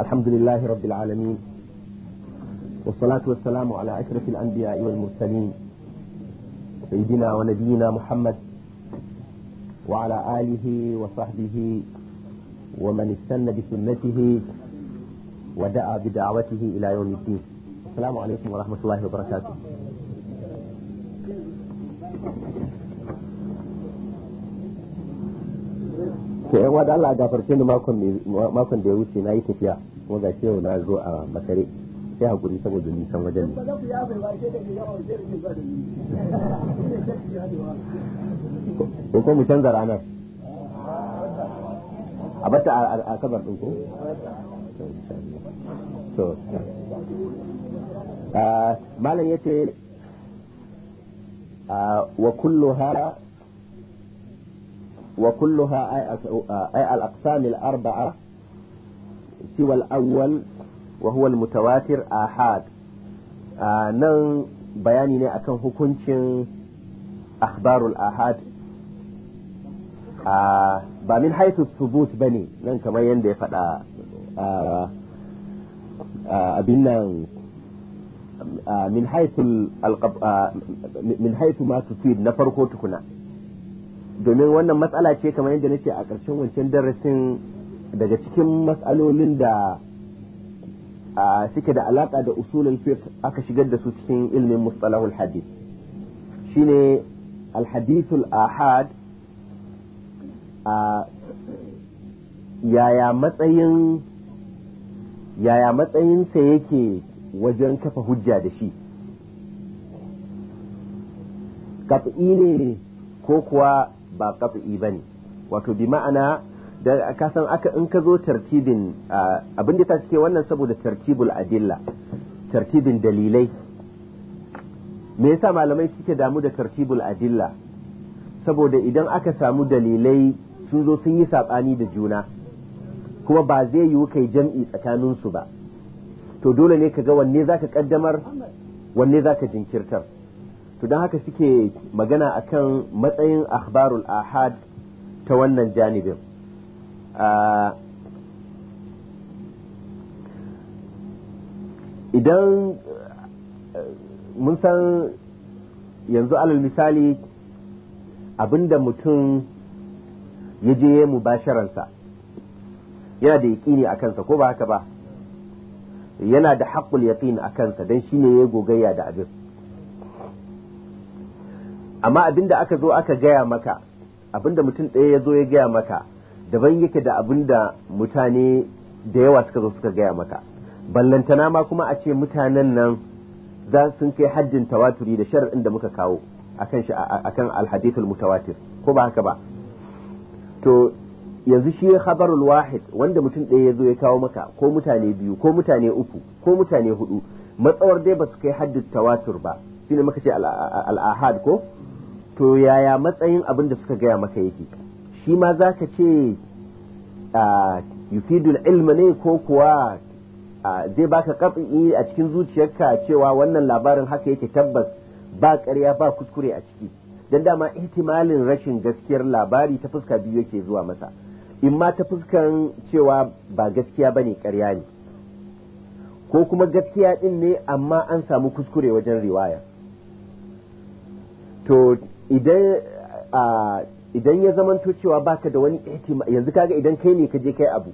الحمد لله رب العالمين والصلاة والسلام على أشرف الأنبياء والمرسلين سيدنا ونبينا محمد وعلى آله وصحبه ومن استنى بسنته ودعا بدعوته إلى يوم الدين السلام عليكم ورحمة الله وبركاته to yan wada Allah gafarce ni makon makon da ya wuce na yi tafiya kuma ga shi yau na zo a makare sai hakuri saboda nisan wajen ne ko mu canza ranar a bata a kabar din ko to malam ce, wa kullu hara وكلها أي الأقسام الأربعة سوى الأول وهو المتواتر آحاد نن بياننا أكن هكونش أخبار الآحاد ba min haitu subut ba ne nan kamar yadda ya faɗa abin nan min haitu ma tufid na farko tukuna domin wannan matsala ce kamar yadda nake a ƙarshen wancan darasin daga cikin matsalolin da suke da alaƙa da usulul fiqh aka shigar da su cikin ilmin mustalahul hadith shine alhadithul ahad a yaya matsayin yaya matsayinsa yake wajen kafa hujja da shi kat'i ne ko kuwa ba ba bane wato bi ma'ana da ka san aka in ka zo tartibin abin da ta cike wannan saboda tartibul adilla tartibin dalilai me yasa malamai suke damu da tartibul adilla saboda idan aka samu dalilai sun zo sun yi sabani da juna kuma ba zai yiwu kai jam'i tsakaninsu ba to dole ne ka ga wanne zaka kaddamar wanne ka jinkirtar to don haka suke magana akan matsayin akhbarul ahad ta wannan janibin idan mun san yanzu alal misali abinda mutum ya je ya mubasharansa yana da yaƙini a kansa ko ba haka ba yana da haƙƙul yaƙin a kansa don shi ne ya gogayya da abin amma abinda aka zo aka gaya maka abinda mutum ɗaya ya zo ya gaya maka daban yake da abinda mutane da yawa suka zo suka gaya maka ballantana ma kuma a ce mutanen nan za sun kai haddin tawaturi da shar'in da muka kawo akan shi akan alhadithul mutawatir ko ba haka ba to yanzu shi khabarul wahid wanda mutum ɗaya ya zo ya kawo maka ko mutane biyu ko mutane uku ko mutane hudu matsawar dai ba su kai haddin tawatur ba shine muka ce al-ahad ko to yaya matsayin abin da suka gaya maka yake shi ma za ka ce yufidul ilma ne ko kuwa zai baka kafi a cikin zuciyarka cewa wannan labarin haka yake tabbas ba karya ba kuskure a ciki don dama ihtimalin rashin gaskiyar labari ta fuska biyu yake zuwa masa in ma ta fuskan cewa ba gaskiya ba ne ƙarya ne ko kuma gaskiya ɗin ne amma an samu kuskure wajen riwaya to idan ya zamanto cewa baka da wani ihtima yanzu kaga idan kai ne kaje kai abu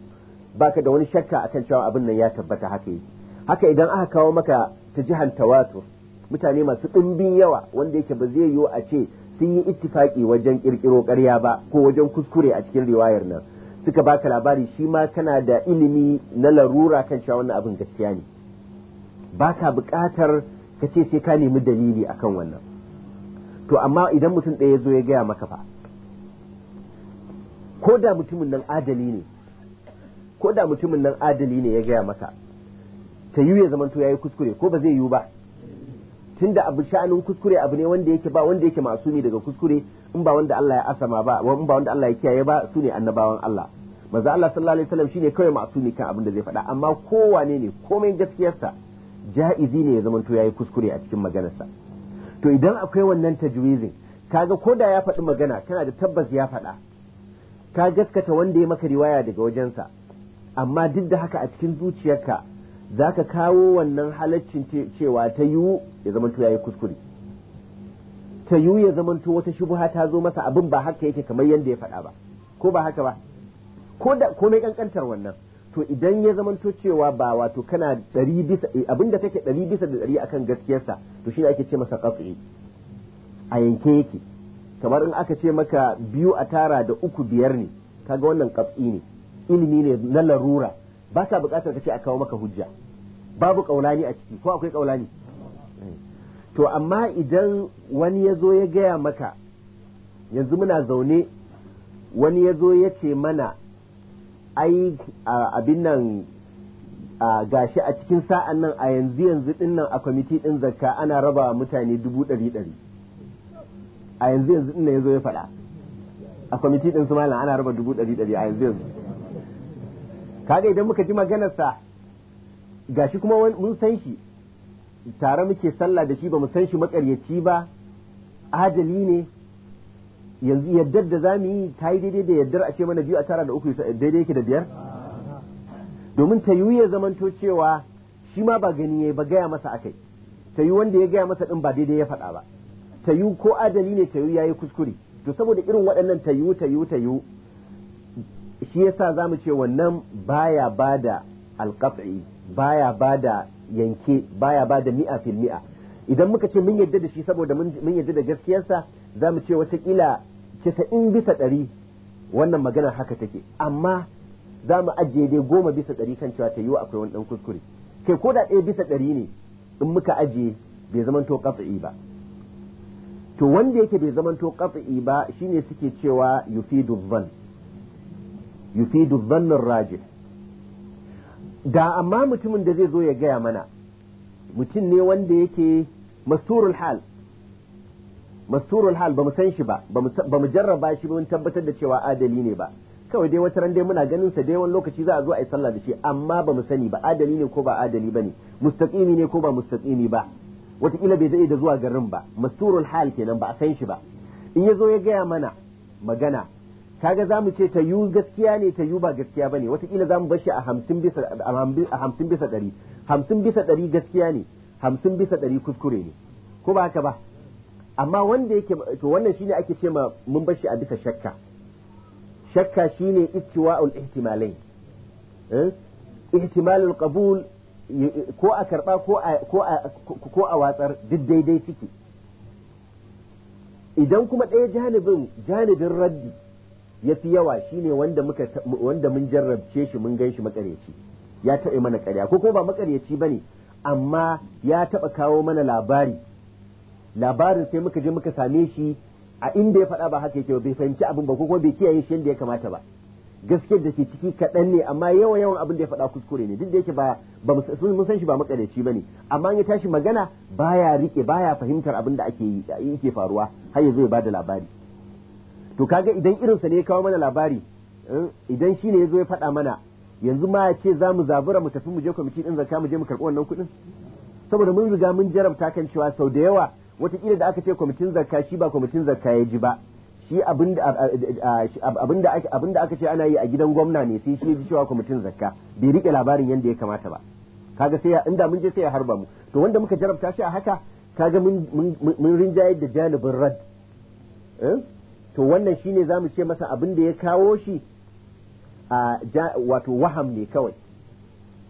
baka da wani shakka akan cewa abin nan ya tabbata haka yake haka idan aka kawo maka ta jihar tawatur mutane masu ɗimbin yawa wanda yake ba zai yiwu a ce sun yi ittifaki wajen kirkiro ƙarya ba ko wajen kuskure a cikin riwayar nan suka baka labari shi ma kana da ilimi na larura kan cewa wannan abin gaskiya ne baka buƙatar ka ce sai ka nemi dalili akan wannan to amma idan mutum ɗaya zo ya gaya maka fa ko da mutumin nan adali ne ko da mutumin nan adali ne ya gaya maka ta yiwu ya zamanto ya yi kuskure ko ba zai yiwu ba tun da abu sha'anin kuskure abu ne wanda yake ba wanda yake masumi daga kuskure in ba wanda Allah ya asama ba in ba wanda Allah ya kiyaye ba su ne annabawan Allah maza Allah sallallahu alaihi wasallam shine kawai ne kan abin da zai faɗa amma kowane ne komai gaskiyarsa ja'izi ne ya zamanto yi kuskure a cikin maganarsa to idan akwai wannan tajwizin kaga ko da ya faɗi magana kana da tabbas ya faɗa ka gaskata wanda ya maka riwaya daga wajensa amma duk da haka a cikin zuciyarka za ka kawo wannan halaccin cewa ta yiwu ya zama ya yi kuskure ta yiwu ya zamanto wata shubuha ta zo masa abin ba haka yake kamar yadda ya faɗa ba ko ba haka ba ko da komai kankantar wannan to idan ya zamanto cewa ba wato kana ɗari bisa eh, abinda kake ɗari bisa da ɗari akan gaskiyarsa to shi ne ake ce masa katsi a yanke yake kamar in aka ce maka biyu a tara da uku biyar ne kaga wannan katsi ne ilimi ne na larura ba ka buƙatar ka ce a kawo maka hujja babu kaulani a ciki ko akwai kaulani eh. to amma idan wani ya zo ya gaya maka yanzu muna zaune wani ya zo ya ce mana ai abin nan gashi a cikin sa'an nan a yanzu yanzu din nan a kwamiti din zakka ana raba mutane dubu ɗari ɗari a yanzu yanzu din nan ya zo ya faɗa a kwamiti din su malam ana raba dubu ɗari ɗari a yanzu yanzu kaga idan muka ji maganarsa gashi kuma mun san shi tare muke sallah da shi ba mu san shi makaryaci ba ajali ne yanzu yaddar da za mu yi ta yi daidai da yaddar a ce mana biyu a tara da uku daidai yake da biyar domin ta yi ya zamanto cewa shi ma ba gani ya ba gaya masa akai ta yi wanda ya gaya masa din ba daidai ya faɗa ba ta yi ko adali ne ta yi ya yi kuskure to saboda irin waɗannan ta yi ta yi ta yi shi yasa za mu ce wannan baya ba da alƙafi baya ba da yanke baya ba da mi'a fil mi'a idan muka ce mun yadda da shi saboda mun yadda da gaskiyarsa za mu ce watakila casa'in bisa ɗari wannan maganar haka take amma za mu ajiye dai goma bisa ɗari kan cewa ta yiwu akwai wani ɗan kuskure kai ko da ɗaya bisa ɗari ne in muka ajiye bai zamanto ƙafi'i ba to wanda yake bai zamanto ƙafi'i ba shine suke cewa yufi dubban yufidu zannin da amma mutumin da zai zo ya gaya mana mutum ne wanda yake masturul hal masturul hal ba mu san shi ba ba mu jarraba shi ba mun tabbatar da cewa adali ne ba kawai dai wata ran dai muna ganin sa dai wani lokaci za a zo a yi sallah da shi amma ba mu sani ba adali ne ko ba adali ba ne mustaqimi ne ko ba mustaqimi ba watakila bai zai da zuwa garin ba masturul hal kenan ba a san shi ba in ya zo ya gaya mana magana kaga za mu ce ta yu gaskiya ne ta yu ba gaskiya ba ne wataƙila za mu bar shi a hamsin bisa ɗari hamsin bisa ɗari gaskiya ne hamsin bisa ɗari kuskure ne ko ba haka ba amma wanda yake to wannan shine ake ce ma mun bar shi a bisa shakka shakka shine ittiwa'ul ihtimalai eh? ihtimalul qabul ko a karba ko a ko a watsar duk daidai ciki idan kuma ɗaya janibin janibin raddi ya fi yawa shine wanda muka wanda mun jarrabce shi mun gan shi makaryaci ya taɓa mana ƙarya ko kuma ba makaryaci bane amma ya taɓa kawo mana labari labarin sai muka je muka same shi a inda ya faɗa ba haka yake bai fahimci abin ba ko kuma bai kiyaye shi yadda ya kamata ba gaskiyar da ke ciki kaɗan ne amma yawan yawan abin da ya faɗa kuskure ne duk da yake ba mun san shi ba makadaci ba ne amma ya tashi magana baya rike baya fahimtar abin da ake yi yake faruwa har ya zo ya bada labari to kaga idan irinsa ne ya kawo mana labari eh, idan shi ne ya zo ya faɗa mana yanzu ma ya ce za mu zabura mu tafi mu je kwamiti ɗin zaka mu je mu karɓi wannan kuɗin saboda mun riga mun jarabta kan cewa sau da yawa Watakila da aka ce kwamitin zakka shi ba kwamitin zakka ya ji ba shi abinda aka ce ana yi a gidan gwamna ne sai shi ya ji cewa kwamitin zakka bai rike labarin yadda ya kamata ba kaga sai inda mun je sai ya harba mu to wanda muka jarabta shi a haka kaga mun rinjaye da janibin rad eh? to wannan shi ne za mu ce masa abin da ya kawo shi a wato waham ne kawai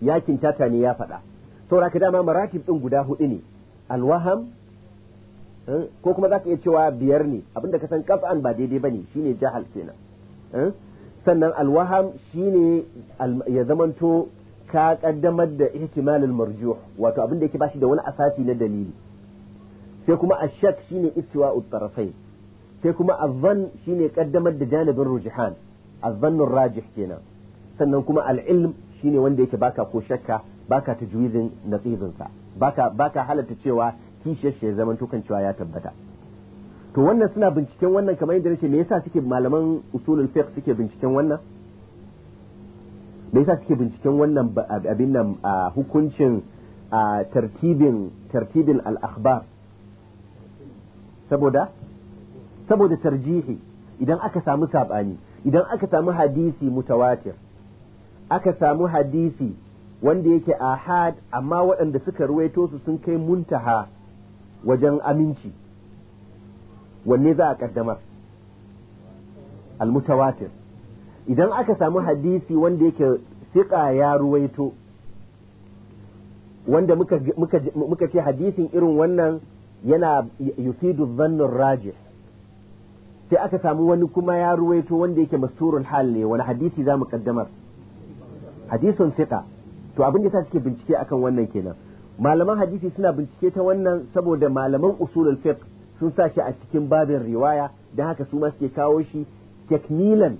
yakin tata ne ya faɗa saboda ka dama maratib ɗin guda hudu ne alwaham Eh? ko kuma zaka iya cewa biyar ne abinda ka san kaf'an ba daidai ba ne shine jahal kenan eh? sannan alwaham shine ya zamanto ka kaddamar da ihtimalul marjuh wato abinda yake bashi da wani asasi na dalili sai kuma ashak shine istiwa'u tarafai sai kuma azzan shine kaddamar da janibin rujihan azzannur rajih kenan sannan kuma al'ilm shine wanda yake baka ko shakka baka tajwizin nasibinsa baka baka halatta cewa kishiyar shi ya tukan cewa ya tabbata to wannan suna binciken wannan kamar yadda nace me yasa suke malaman usulul fiqh suke binciken wannan me yasa suke binciken wannan abin nan a hukuncin a tartibin tartibin al-akhbar saboda saboda tarjihi idan aka samu sabani idan aka samu hadisi mutawatir aka samu hadisi wanda yake ahad amma waɗanda suka ruwaito su sun kai muntaha wajen aminci wanne za a kaddamar almutawatir idan aka samu hadisi wanda yake siƙa ya ruwaito wanda muka ce hadisin irin wannan yana yufidu zannin rajis sai aka samu wani kuma ya ruwaito wanda yake masturin hal ne wani hadisi za mu kaddamar hadisun siƙa to abin da ta suke bincike akan wannan kenan malaman hadisi suna bincike ta wannan saboda malaman usulul fiqh sun sa shi a cikin babin riwaya dan haka su ma suke kawo shi teknilan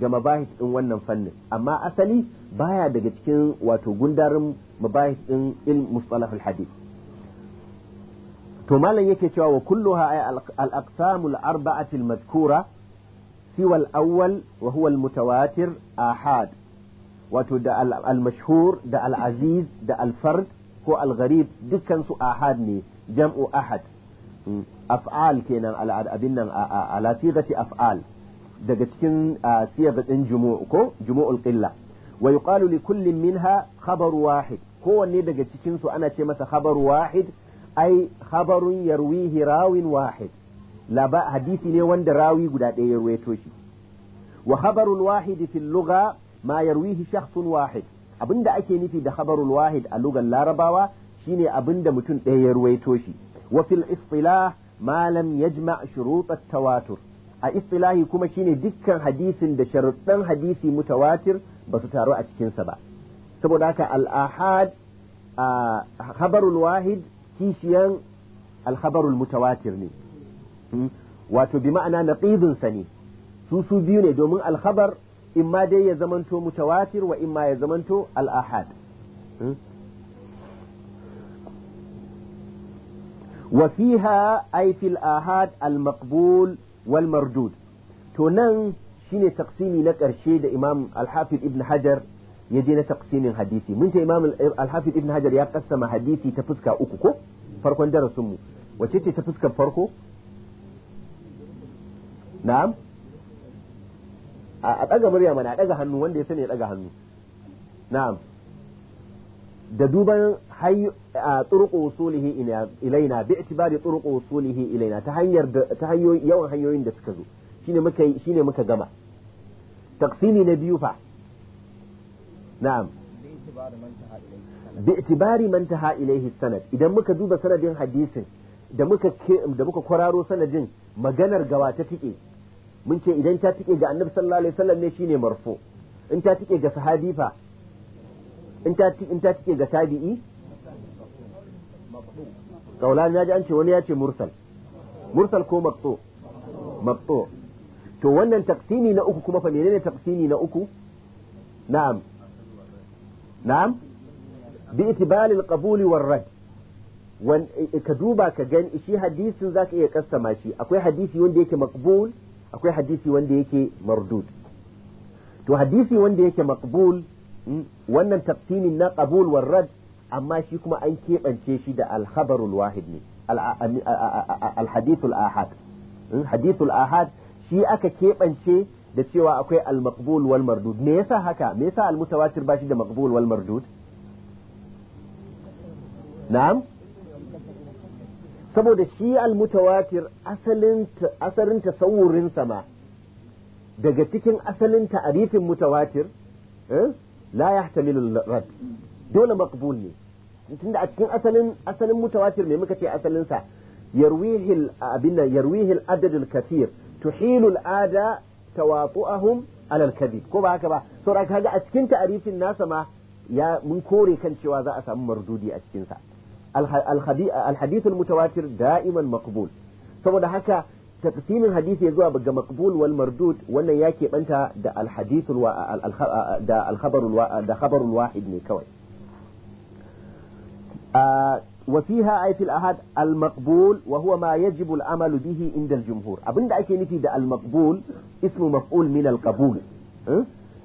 ga mabahis din wannan fannin amma asali baya daga cikin wato gundarin mabahis din ilm mustalahul hadith to malan yake cewa wa kulluha ay al-aqsamul arba'ati al-madhkura siwa al-awwal wa huwa al-mutawatir ahad wato da al-mashhur da al-aziz da al-fard ko algarib dukansu ahad ne jam'u ahad mm. af'al kenan abin nan ala sigati af'al daga cikin siyaga din jumu'u ko jumu'ul qilla wa yuqalu li kullin minha khabar wahid kowanne daga cikin su ana ce masa khabar wahid ai khabarun yarwihi rawin wahid laba hadisi ne wanda rawi guda ɗaya ya ruwaito shi wa khabarul wahid fil lugha ma yarwihi shakhsun wahid abinda ake nufi da khabarul wahid a lugar larabawa shine abinda mutum ɗaya ya ruwaito shi wa fil istilah ma lam yajma' shurut tawatur a istilahi kuma shine dukkan hadisin da sharuɗan hadisi mutawatir ba su taru a cikinsa ba saboda haka al-ahad a khabarul wahid kishiyan al-khabarul mutawatir ne hmm? wato bi ma'ana naqidun sa ne su su biyu ne domin al-khabar إما دي يزمنتو متواتر وإما يزمنتو الآحاد وفيها أي في الآحاد المقبول والمردود تونان شين تقسيمي لك أرشيد إمام الحافظ ابن حجر يجينا تقسيم حديثي منت إمام الحافظ ابن حجر يقسم حديثي تفسك أكوكو فرقا درسمه وشتي تفسك فرقه نعم a ɗaga murya mana a ɗaga hannu wanda ya sani ya ɗaga hannu na'am da duban hay turqu usulihi ilaina bi itibari turqu usulihi ilaina ta hanyar ta hanyoyi yawan hanyoyin da suka zo shine muka shine muka gama taqsimi na biyu fa na'am bi itibari man taha ilaihi sanad idan muka duba sanadin hadisin da muka da muka kwararo sanadin maganar gawa ta tike mun ce idan ta tike ga annabi sallallahu alaihi wasallam ne shine marfu in ta tike ga sahabi fa in ta in ta tike ga tabi'i kaulan ya ji an ce wani ya ce mursal mursal ko maqtu maqtu to wannan taqsimi na uku kuma fa menene taqsimi na uku na'am na'am bi itibali al-qabuli war-rad eh, ka duba ka gani shi hadisin zaka iya kassama shi akwai hadisi wanda yake maqbul akwai hadisi wanda yake mardud to hadisi wanda yake maqbul hmm, wannan taqsimin na qabul war rad amma shi kuma an keɓance shi da al-khabarul wahid ne al-hadithul ahad hmm, hadithul ahad shi aka keɓance da cewa akwai al-maqbul wal mardud me yasa haka me yasa al-mutawatir ba shi da maqbul wal mardud na'am saboda shi al-mutawatir asalin tasawurin sama daga cikin asalin ta'arifin mutawatir la yahtamilu rad dole maqbul ne tunda a cikin asalin asalin mutawatir me muka ce asalin sa yarwihi abinda yarwihi al-adad al-kathir tuhilu al-ada tawatu'ahum ala al-kadhib ko ba haka ba saboda kaga a cikin ta'arifin nasa ma ya mun kore kan cewa za a samu mardudi a cikin sa الحديث المتواتر دائما مقبول سبب هكا تقسيم الحديث يزوى بقى مقبول والمردود وانا ياكي انت دا الحديث الوا... دا الخبر الوا... دا خبر الواحد ميكوي آه، وفيها آية الأحد المقبول وهو ما يجب الأمل به عند الجمهور أبن دا أكي نتي دا المقبول اسم مفعول من القبول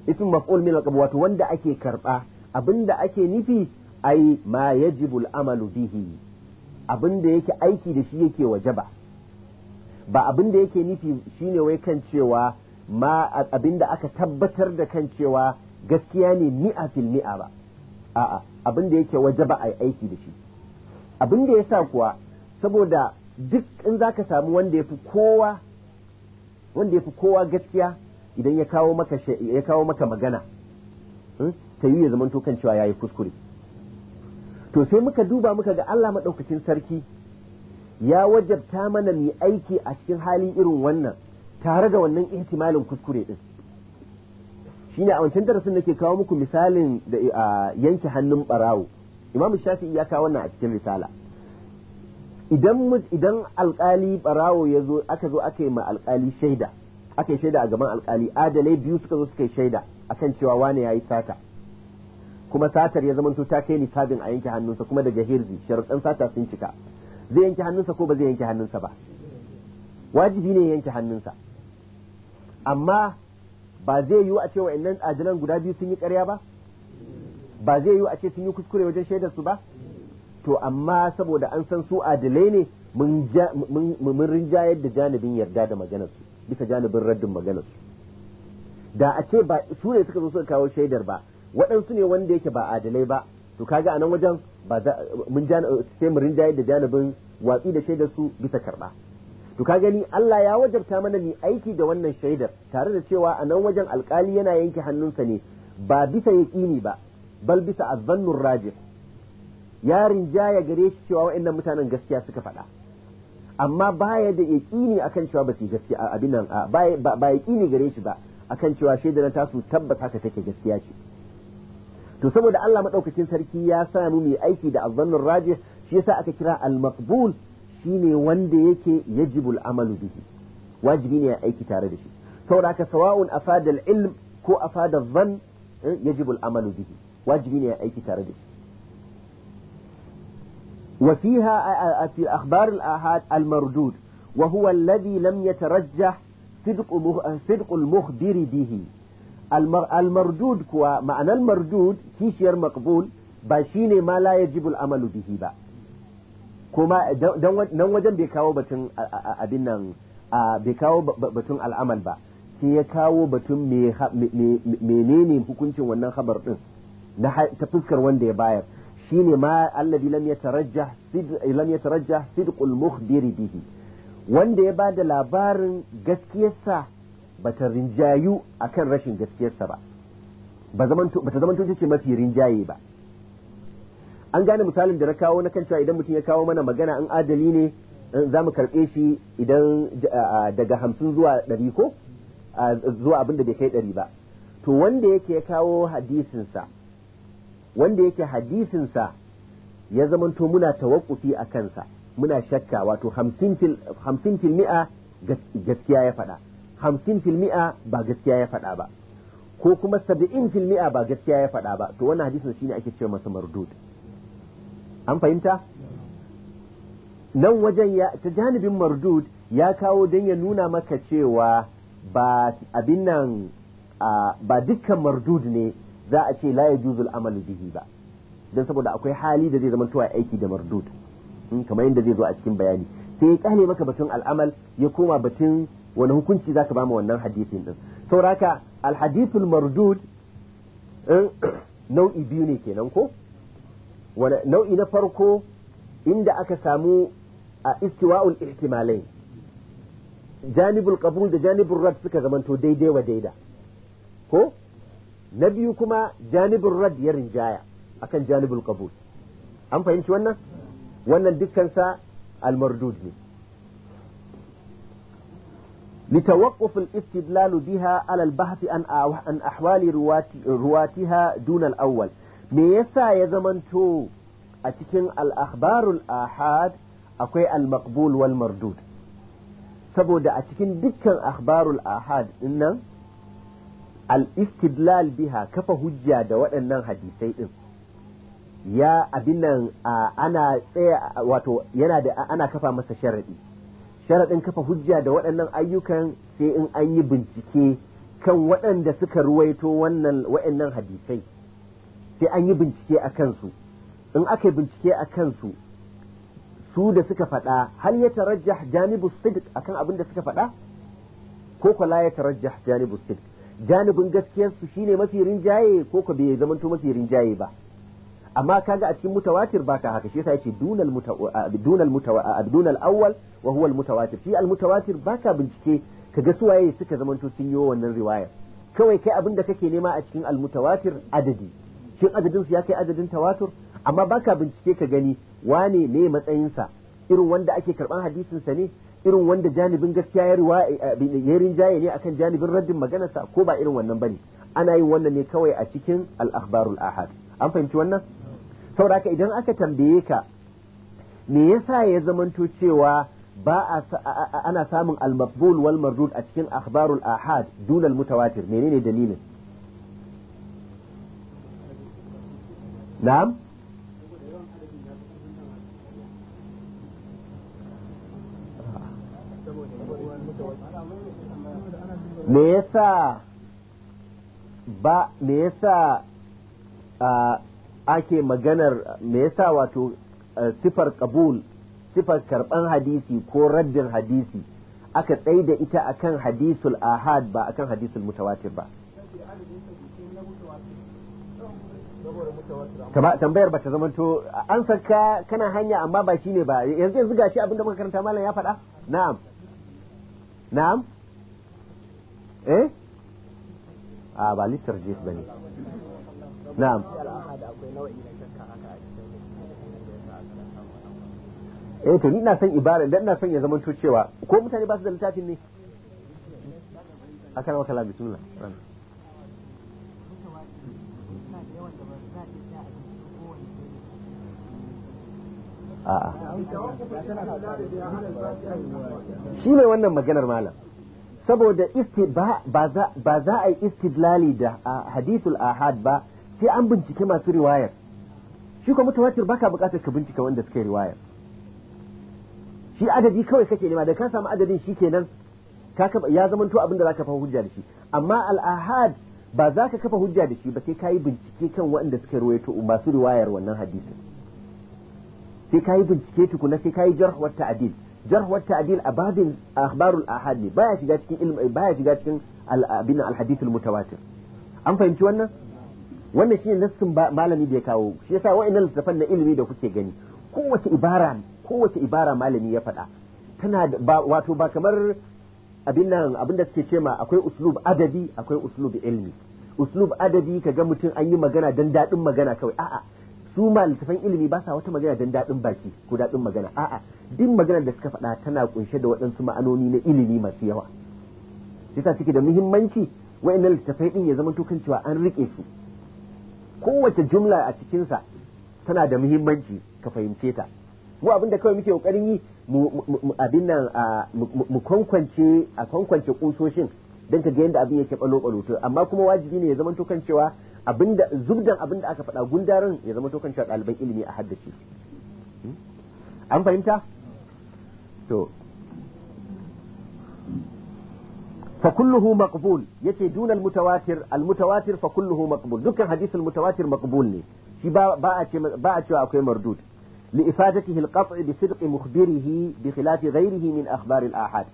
اسم مفعول من القبول وان دا أكي كربا أبن دا أكي نتي ai ma yajibul amalu bihi abin da yake aiki da shi yake wajaba ba abin da yake nufi shine wai kan cewa ma abin aka tabbatar da kan cewa gaskiya ne mi'a fil mi'a ba a'a abin da yake wajaba ai aiki da shi abin da yasa kuwa saboda duk in zaka samu wanda yafi kowa wanda yafi kowa gaskiya idan ya kawo maka ya kawo maka magana hmm, ta yi ya zamanto kan cewa yayi kuskure to sai muka duba muka ga Allah maɗaukacin sarki ya wajabta mana mu aiki a cikin hali irin wannan tare da wannan ihtimalin kuskure din shine a wancan darasin nake kawo muku misalin da yanke hannun barawo imamu shafi ya kawo wannan a cikin risala idan idan alkali barawo ya zo aka zo aka yi ma alkali shaida aka yi shaida a gaban alkali adalai biyu suka zo suka yi shaida akan cewa wane ya yi sata kuma satar ya zamanto ta kai nisabin a yanke hannunsa kuma daga hirzi sharuɗan sata sun cika zai yanke hannunsa ko ba zai yanke hannunsa ba wajibi ne yanke hannunsa amma ba zai yiwu a ce wa'annan ajilan guda biyu sun yi ƙarya ba ba zai yiwu a ce sun yi kuskure wajen shaidar su ba to amma saboda an san su adilai ne mun rinjayar da janibin yarda da maganar su bisa janibin raddin maganar su da a ce ba su ne suka zo suka kawo shaidar ba waɗansu ne wanda yake ba adalai ba to kaga a nan wajen ba mun sai mu rinjaye da janibin watsi da shaidar su bisa karɓa to ka gani Allah ya wajabta mana ni aiki da wannan shaidar tare da cewa a nan wajen alkali yana yanke hannunsa ne ba bisa yaqini ba bal bisa azzannur rajih ya rinjaya gare shi cewa waɗannan mutanen gaskiya suka faɗa amma baya da yaƙini akan cewa ba su gaskiya abin nan ba yaqini gare shi ba akan cewa shaidar ta su tabbata haka take gaskiya ce to saboda Allah madaukakin sarki ya sa mu mai aiki da azzannur rajih shi yasa aka kira al-maqbul shine wanda yake yajibul amalu bihi wajibi ne ya aiki tare da shi saboda ka sawa'un afada al-ilm ko afada al dhann yajibul amalu bihi wajibi ne ya aiki tare da shi wa fiha fi وفيها في أخبار الآحاد المردود وهو الذي لم يترجح صدق صدق المخبر به almardud kuwa ma'anar mardud kishiyar makbul ba shi ne ma la yajibul amalu bihi ba kuma nan wajen bai kawo batun abin nan bai kawo batun al'amal ba sai ya kawo batun menene hukuncin wannan habar din na ta fuskar wanda ya bayar shine ma alladhi lam yatarajjah lam yatarajjah sidqul mukhbir bihi wanda ya bada labarin gaskiyarsa bata rinjayu akan rashin gaskiyarsa ba bata zamanto ce mafi rinjaye ba an gane misalin da na kawo na kan cewa idan mutum ya kawo mana magana an adali ne za mu karɓe shi idan daga hamsin zuwa ɗari ko zuwa abin da bai kai ɗari ba to wanda yake ya kawo hadisinsa wanda yake hadisinsa ya zamanto muna tawakkufi a kansa muna shakka wato hamsin fil gaskiya ya faɗa hamsin filmi'a ba gaskiya ya faɗa ba ko kuma saba'in filmi'a ba gaskiya ya faɗa ba to wannan hadisin shine ake cewa masa mardud an fahimta nan wajen ya ta janibin mardud ya kawo don ya nuna maka cewa ba abin nan ba dukkan mardud ne za a ce la juzul amalu bihi ba don saboda akwai hali da zai zama tuwa aiki da mardud hmm, kamar yadda zai zo a cikin bayani sai ya kyale maka batun al'amal ya koma batun wani hukunci zaka ba mu wannan hadisin din sauraka alhadithul mardud eh, nau'i biyu ne kenan ko nau'i na farko inda aka samu a istiwa'ul ihtimalai janibul qabul da janibul rad suka zamanto daidai wa daida ko na biyu kuma janibul rad ya rinjaya akan janibul qabul an fahimci wannan wannan dukkan sa al-mardud ne لتوقف الاستدلال بها على alal عن أحوال رواتها دون الأول me yasa ya zamanto a cikin al'akhbarul ahad akwai al-maqbul wal mardud saboda a cikin dukkan akhbarul ahad dinnan al-istidlal biha kafa hujja da waɗannan hadisai din ya abin nan ana tsaya yana da ana kafa masa sharadi sharaɗin kafa hujja da waɗannan ayyukan sai in an yi bincike kan waɗanda suka ruwaito wannan waɗannan hadisai sai an yi bincike a kansu in aka yi bincike a kansu su da suka faɗa hal ya tarajjah janibu sidq akan abin da suka faɗa ko ko la ya tarajjah janibu sidq janibin gaskiyar su shine mafi rinjaye ko ko bai to mafi rinjaye ba amma kaga a cikin mutawatir ba ka haka shi yasa yace dunal mutawa dunal mutawa dunal awwal wa huwa mutawatir shi mutawatir baka bincike ka ga su waye suka zamanto sun yi wannan riwaya kawai kai abin da kake nema a cikin almutawatir mutawatir adadi shin adadin su ya kai adadin tawatur amma baka bincike ka gani wane ne matsayin sa irin wanda ake karban hadisin sa ne irin wanda janibin gaskiya ya riwaya eh, eh, rinjaye ne akan janibin raddin maganarsa ko ba irin wannan bane ana yin wannan ne kawai a cikin al-akhbarul ahad an fahimci wannan saboda idan aka tambaye ka me yasa ya zamanto cewa ba ana samun al-maqbul wal mardud a cikin akhbarul ahad dun al-mutawatir menene dalilin na'am me yasa ba me yasa ake maganar me yasa wato sifar qabul sifar karban hadisi ko raddin hadisi aka da ita akan hadisul ahad ba akan hadisul mutawatir ba kaba tambayar ba ta zamanto an saka kana hanya amma ba shine ba yanzu yanzu gashi abinda muka karanta malam ya faɗa na'am na'am eh a ah, ba littar jis bane na'am eh to ni ina son ibara dan ina son ya zamanto cewa ko mutane ba su da littafin ne akan wakala bismillah a'a shi ne wannan maganar malam saboda ba za a yi istidlali da hadithul ahad ba sai an bincike masu riwayar shi kuma mutawatir baka bukatar ka bincika wanda suka riwayar shi adadi kawai kake nema da ka samu adadin shi kenan ya zama to abin da zaka kafa hujja da shi amma al ba za ka kafa hujja da shi ba sai yi bincike kan waɗanda suka ruwaito masu riwayar wannan hadisin sai kayi bincike tukuna sai kayi jarh wa ta'dil jarh wa a babin akhbarul ahad ne baya shiga cikin ilmi baya shiga cikin al-bin al-hadith mutawatir an fahimci wannan wannan shine nassin malami da ya kawo shi yasa wa'annan littafan na ilimi da kuke gani kowace ibara kowace ibara malami ya faɗa tana ba wato ba kamar abin nan abin da suke ce ma akwai uslub adabi akwai uslub ilmi uslub adabi ka ga mutum an yi magana dan daɗin magana kawai a'a su malitafan ilimi ba sa wata magana dan daɗin baki ko daɗin magana a'a duk magana da suka faɗa tana kunshe da waɗansu ma'anoni na ilimi masu yawa yasa suke da muhimmanci wa'annan littafai din ya zama tokan cewa an rike su kowace jumla a cikinsa tana da muhimmanci ka fahimce ta mu abin da kawai muke kokarin yi abin nan mu kwankwance a kwankwance kusoshin don ka ga yadda abin yake balo balo to amma kuma wajibi ne ya zama to cewa abinda zubdan abin da aka faɗa gundarin ya zama to cewa ɗaliban ilimi a haddace hmm? an fahimta to Fa kulluhu mutawatir fa kulluhu maqbul dukkan المتواتر فكله مقبول دكان حديث المتواتر ba a ce ba a cewa akwai مردود لإفادته القطع بصدق مخبره بخلاف غيره من أخبار الآحاد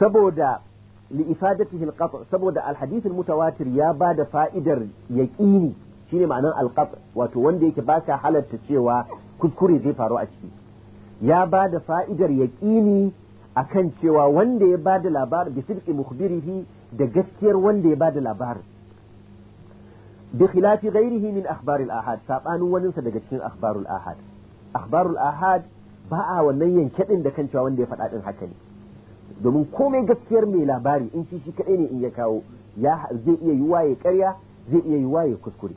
سبودا لإفادته القطع سبودا الحديث المتواتر يا بعد فائدة يقيني شيني معنى القطع وتوان ديك باسا حالة تشيوى كذكري زي فارو أشي يا بعد فائدة يقيني أكن شيوى واندي بعد ba بصدق مخبره da sirki mukhbirihi da gaskiyar wanda ya ba da labarin bi khilafi ghairihi min أخبار الأحاد بقى ونين كتن ده كان شوان دي فتاة الحكني ده من كومي قصير باري لاباري انشي شكريني إيا كاو يا زي إيا يواي كريا زي إيا يواي كسكري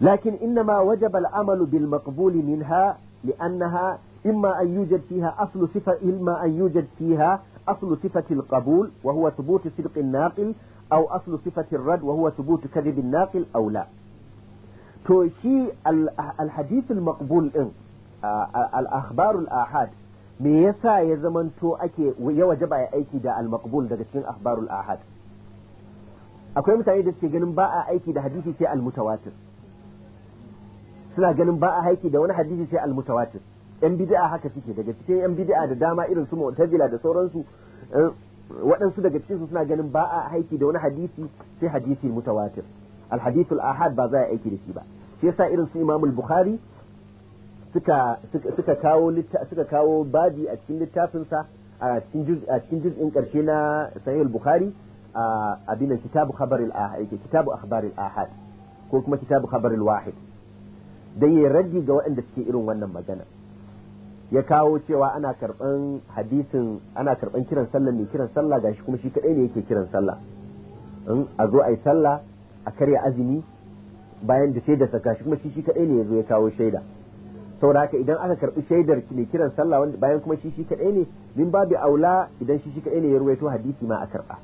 لكن إنما وجب العمل بالمقبول منها لأنها إما أن يوجد فيها أصل صفة إما أن يوجد فيها أصل صفة القبول وهو ثبوت صدق الناقل أو أصل صفة الرد وهو ثبوت كذب الناقل أو لا to shi al maqbul din al al ahad me yasa ya zamanto ake ya wajaba ya aiki da al-maqbul daga cikin al ahad akwai mutane da suke ganin ba a aiki da hadisi sai al-mutawatir suna ganin ba a aiki da wani hadisi sai al-mutawatir yan bid'a haka suke daga cikin yan bid'a da dama irin su mu'tazila da sauransu eh, waɗansu daga cikin su suna ganin ba a aiki da wani hadisi sai hadisi mutawatir alhadith al-ahad ba za a aiki da shi ba shi yasa irin su imam al-bukhari suka suka kawo suka kawo babi a cikin littafin sa a cikin juz'in karshe na sahih al-bukhari a abin kitabu khabar al-ahad kitabu akhbar al-ahad ko kuma kitabu khabar al-wahid dan yayin raddi ga waɗanda suke irin wannan magana ya kawo cewa ana karban hadisin ana karban kiran sallah mai kiran sallah gashi kuma shi kadai ne yake kiran sallah in a zo ai sallah a karya azumi bayan da shaidar sa kashi kuma shi shi kadai ne yazo ya kawo shaida saboda haka idan aka karbi shaidar ne kiran sallah wanda bayan kuma shi shi kadai ne min babu aula idan shi shi kadai ne ya ruwaito hadisi ma a karba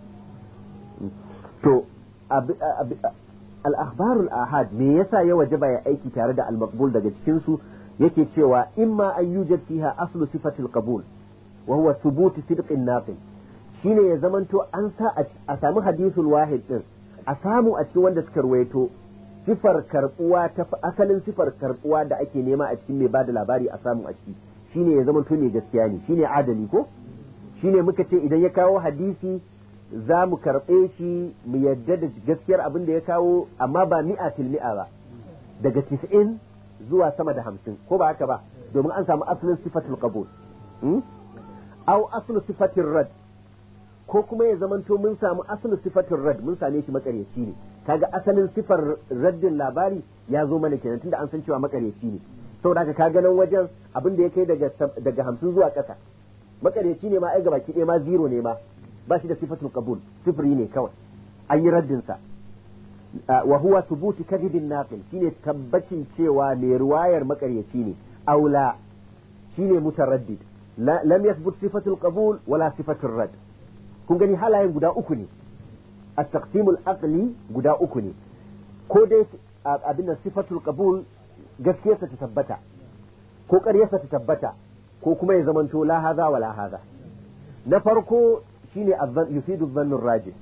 to al-akhbarul ahad me yasa ya wajaba ya aiki tare da al-maqbul daga cikin su yake cewa imma an yujad fiha aslu sifatil qabul wa huwa thubut sidqin naqil shine ya zamanto an sa a samu hadisul wahid din a samu a cikin wanda suka ruwaito sifar karbuwa ta asalin sifar karbuwa da ake nema a cikin mai bada labari a samu a ciki shine ya zama to gaskiya ne shine adali ko shine muka ce idan ya kawo hadisi za mu karɓe shi mu yarda da gaskiyar abin da ya kawo amma ba mi'a fil mi'a ba daga 90 zuwa sama da hamsin ko ba haka ba domin an samu asalin sifatul qabul hmm? au aslu sifatir rad ko kuma ya zamanto mun samu asalin sifatin rad mun same shi makaryaci ne kaga asalin sifar raddin labari ya zo mana kenan tunda an san cewa makaryaci ne saboda haka kaga nan wajen abin da ya kai daga daga 50 zuwa ƙasa makaryaci ne ma ai gabaki ɗaya ma zero ne ma ba shi da sifatul qabul sifri ne kawai an yi raddin sa wa huwa thubuti kadhibin naqil shine tabbacin cewa mai ruwayar makaryaci ne aula shine mutaraddid lam yathbut sifatul qabul wala sifatul radd kun gani halayen guda uku ne a taqsimul aqli guda uku ne ko dai abin da sifatul qabul gaskiyarsa ta tabbata ko ƙaryarsa ta tabbata ko kuma ya zamanto la haza wa la na farko shine yufidu dhannur raji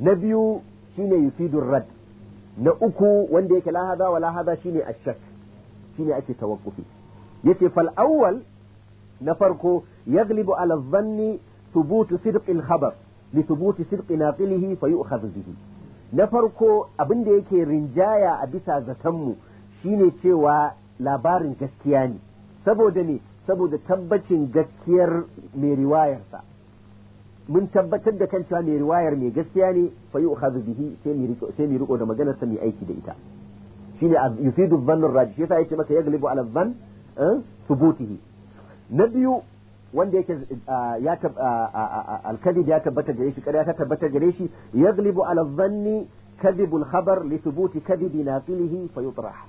na biyu shine yufidu rad na uku wanda yake la haza wa la haza shine ashak shine ake tawakkufi yace fal awwal na farko yaglibu ala dhanni thubutu sidq khabar li thubuti sidqi naqilihi fa na farko abin da yake rinjaya a bisa zaton mu shine cewa labarin gaskiya ne saboda ne saboda tabbacin gaskiyar mai riwayarsa mun tabbatar da kan cewa mai riwayar mai gaskiya ne fa yu'khadhu bihi sai mu riko da maganar sa mai aiki da ita shine yufidu dhann ar-rajih yasa yace na biyu wanda yake ah, ya ah, ah, alkadib ya tabbata gare shi ƙarya ta tabbata gare shi yaglibu ala dhanni habar khabar li thubuti kadhibi naqilihi fa yutrah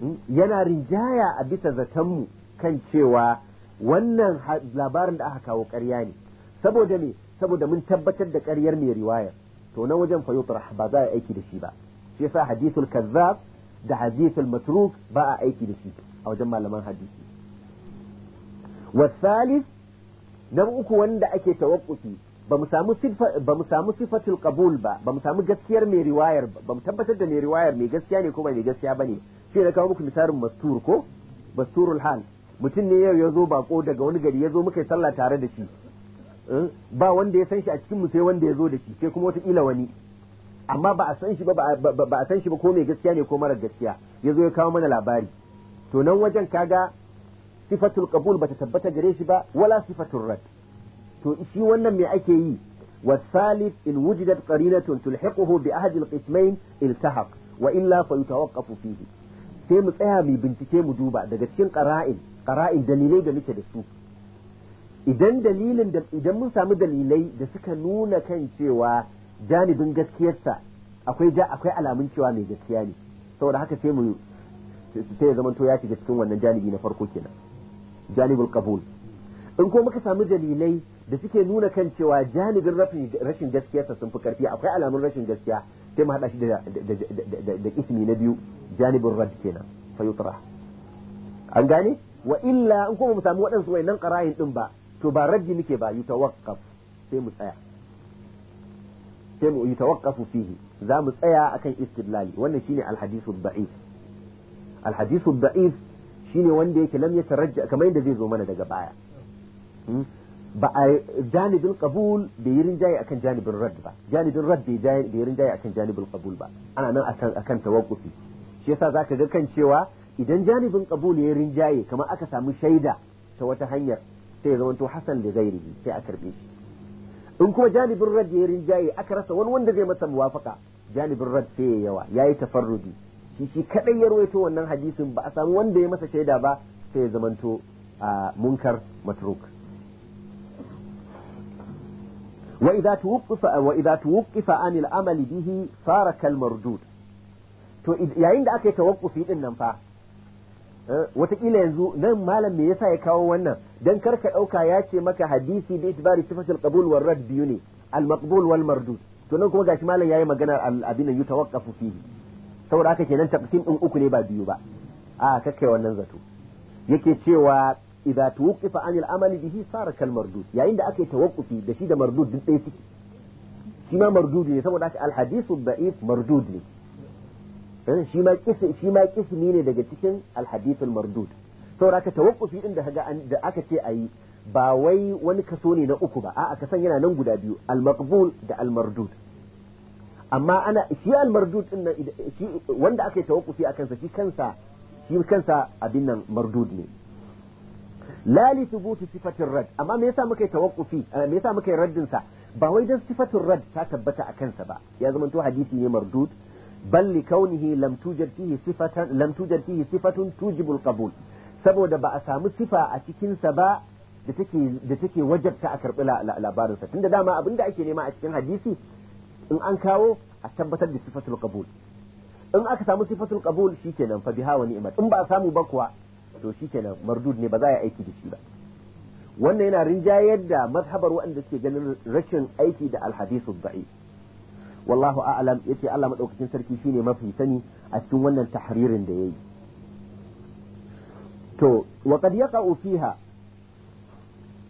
hmm? yana rinjaya a bisa zaton mu kan cewa wannan labarin da aka kawo ƙarya ne saboda me saboda mun tabbatar da ƙaryar mai riwaya to na wajen fa yutrah ba za a aiki da shi ba shi yasa hadithul kazzab da hadithul matruk ba a aiki da shi a wajen malaman hadisi والثالث نبؤك وند ake توقفي ba mu samu sifatul qabul ba ba mu samu gaskiyar mai ba mu tabbatar da mai riwayar mai gaskiya ne ko ba mai gaskiya ba ne sai da kawo muku misalin mastur ko masturul hal mutum ne yau ya zo bako daga wani gari ya zo muka sallah tare da shi ba wanda ya san shi a cikin mu sai wanda ya zo da shi sai kuma wataƙila wani amma ba a san shi ba a ko mai gaskiya ne ko mara gaskiya ya zo ya kawo mana labari to nan wajen kaga sifatul qabul bata tabbata gare shi ba wala sifatul rad to shi wannan me ake yi والثالث إن وجدت قرينة تلحقه بأحد القسمين التحق وإلا فيتوقف فيه sai mu tsaya mai bincike mu duba daga cikin ƙara'in ƙara'in dalilai da muke da su idan dalilin da idan mun samu dalilai da suka nuna kan cewa janibin gaskiyarsa akwai ja akwai alamun cewa mai gaskiya ne saboda haka sai mu sai ya zamanto ya shiga cikin wannan janibi na farko kenan janibul qabul in ko muka samu dalilai da suke nuna kan cewa janibin rashin gaskiyarsa sun fi karfi akwai alamun rashin gaskiya sai mu hada shi da ismi na biyu janibin rad kenan fa yutra an gane wa illa in ko mu samu waɗansu wayannan qarahin din ba to ba raddi muke ba yutawaqqaf sai mu tsaya sai mu yutawaqqafu fihi za mu tsaya akan istidlali wannan shine alhadithu da'if alhadithu da'if shine wanda yake lam yatarajja kamar yadda zai zo mana daga baya hmm? ba a janibin qabul da yi rinjaye akan janibin radd ba janibin radd da yi rinjaye akan janibin qabul ba ana nan akan akan tawaqqufi shi yasa zaka ga kan cewa idan janibin qabul ya rinjaye kamar aka samu shaida ta wata hanyar sai ya zamanto Hassan da zairihi sai a karbe shi in kuma janibin radd ya rinjaye aka rasa wani wanda zai masa muwafaka janibin radd sai ya yawa yayi tafarrudi shi shi kadai ya rawaito wannan hadisin ba a samu wanda ya masa shaida ba sai ya zamanto a munkar matruk wa idza tuwqifa wa idza anil amali bihi sara kal mardud to yayin da aka yi tawaqqufi din nan fa eh, watakila yanzu nan malam me yasa ya kawo wannan dan karka dauka ya ce maka hadisi bi itibari sifatul qabul wal rad biyu ne al maqbul wal mardud to nan kuma gashi malam yayi magana abin yutawaqqafu fihi saboda ke kenan taqsim ɗin uku ne ba biyu ba a kakkai wannan zato yake cewa idza tuqifa anil amali bihi sara kal mardud yayin da aka yi tawaqqufi da shi da mardud duk ɗaya suke shi ma mardud ne saboda haka al hadithu da'if mardud ne eh, shi ma kisi shi ma ne daga cikin al hadithul mardud saboda haka tawaqqufi din da da aka ce ayi ba wai wani kaso ne na uku ba a'a kasan yana nan guda biyu al maqbul da al mardud amma ana shi al-mardud din nan wanda aka yi tawakkufi a kansa shi kansa shi kansa abin nan mardud ne la li thubuti sifatir rad amma me yasa muka yi tawakkufi me yasa muka yi raddin sa ba wai dan sifatir rad ta tabbata a kansa ba ya zama to hadisi ne mardud bal li kaunihi lam tujad fihi sifatan lam tujad fihi sifatun tujibu al-qabul saboda ba a samu sifa a cikin sa ba da take da take wajabta a karbi labarin sa tunda dama abinda ake nema a cikin hadisi in an kawo a tabbatar da sifatul qabul in aka samu sifatul qabul shikenan fa biha wa ni'mat in ba samu ba kuwa to shikenan mardud ne ba za a aiki da shi ba wannan yana rinjayar da mazhabar waɗanda suke ganin rashin aiki da alhadisu da'i wallahu a'lam yace Allah madaukakin sarki shine mafi sani a cikin wannan tahririn da yayi to wa qad yaqa'u fiha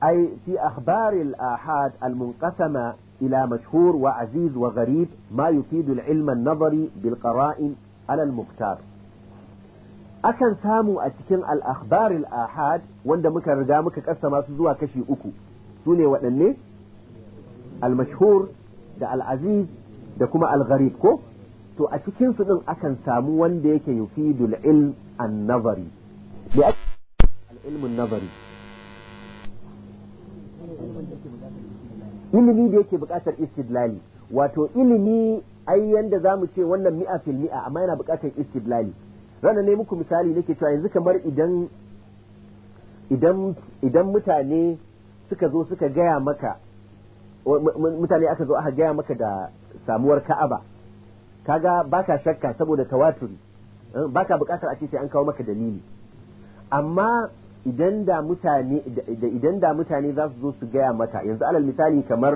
ay fi akhbar al-ahad al-munqasama إلى مشهور وعزيز وغريب ما يفيد العلم النظري بالقرائن على المختار أكن سامو أتكن الأخبار الآحاد واندا مكان رجامك كأسما سزوها كشي أكو سوني وأنني المشهور دا العزيز دا كما الغريب كو تو أتكن سنن أكن سامو واند يفيد العلم النظري لأكن العلم النظري ilimi da yake buƙatar istidlali wato ilimi ai yanda zamu ce wannan mi'a fil mi'a amma yana buƙatar istidlali rana ne muku misali nake cewa yanzu kamar idan idan idan mutane suka zo suka gaya maka mutane aka zo aka gaya maka da samuwar ka'aba kaga baka shakka saboda tawaturi eh, baka buƙatar a ce sai an kawo maka dalili amma idan da mutane da idan da mutane za su zo su gaya mata yanzu alal misali kamar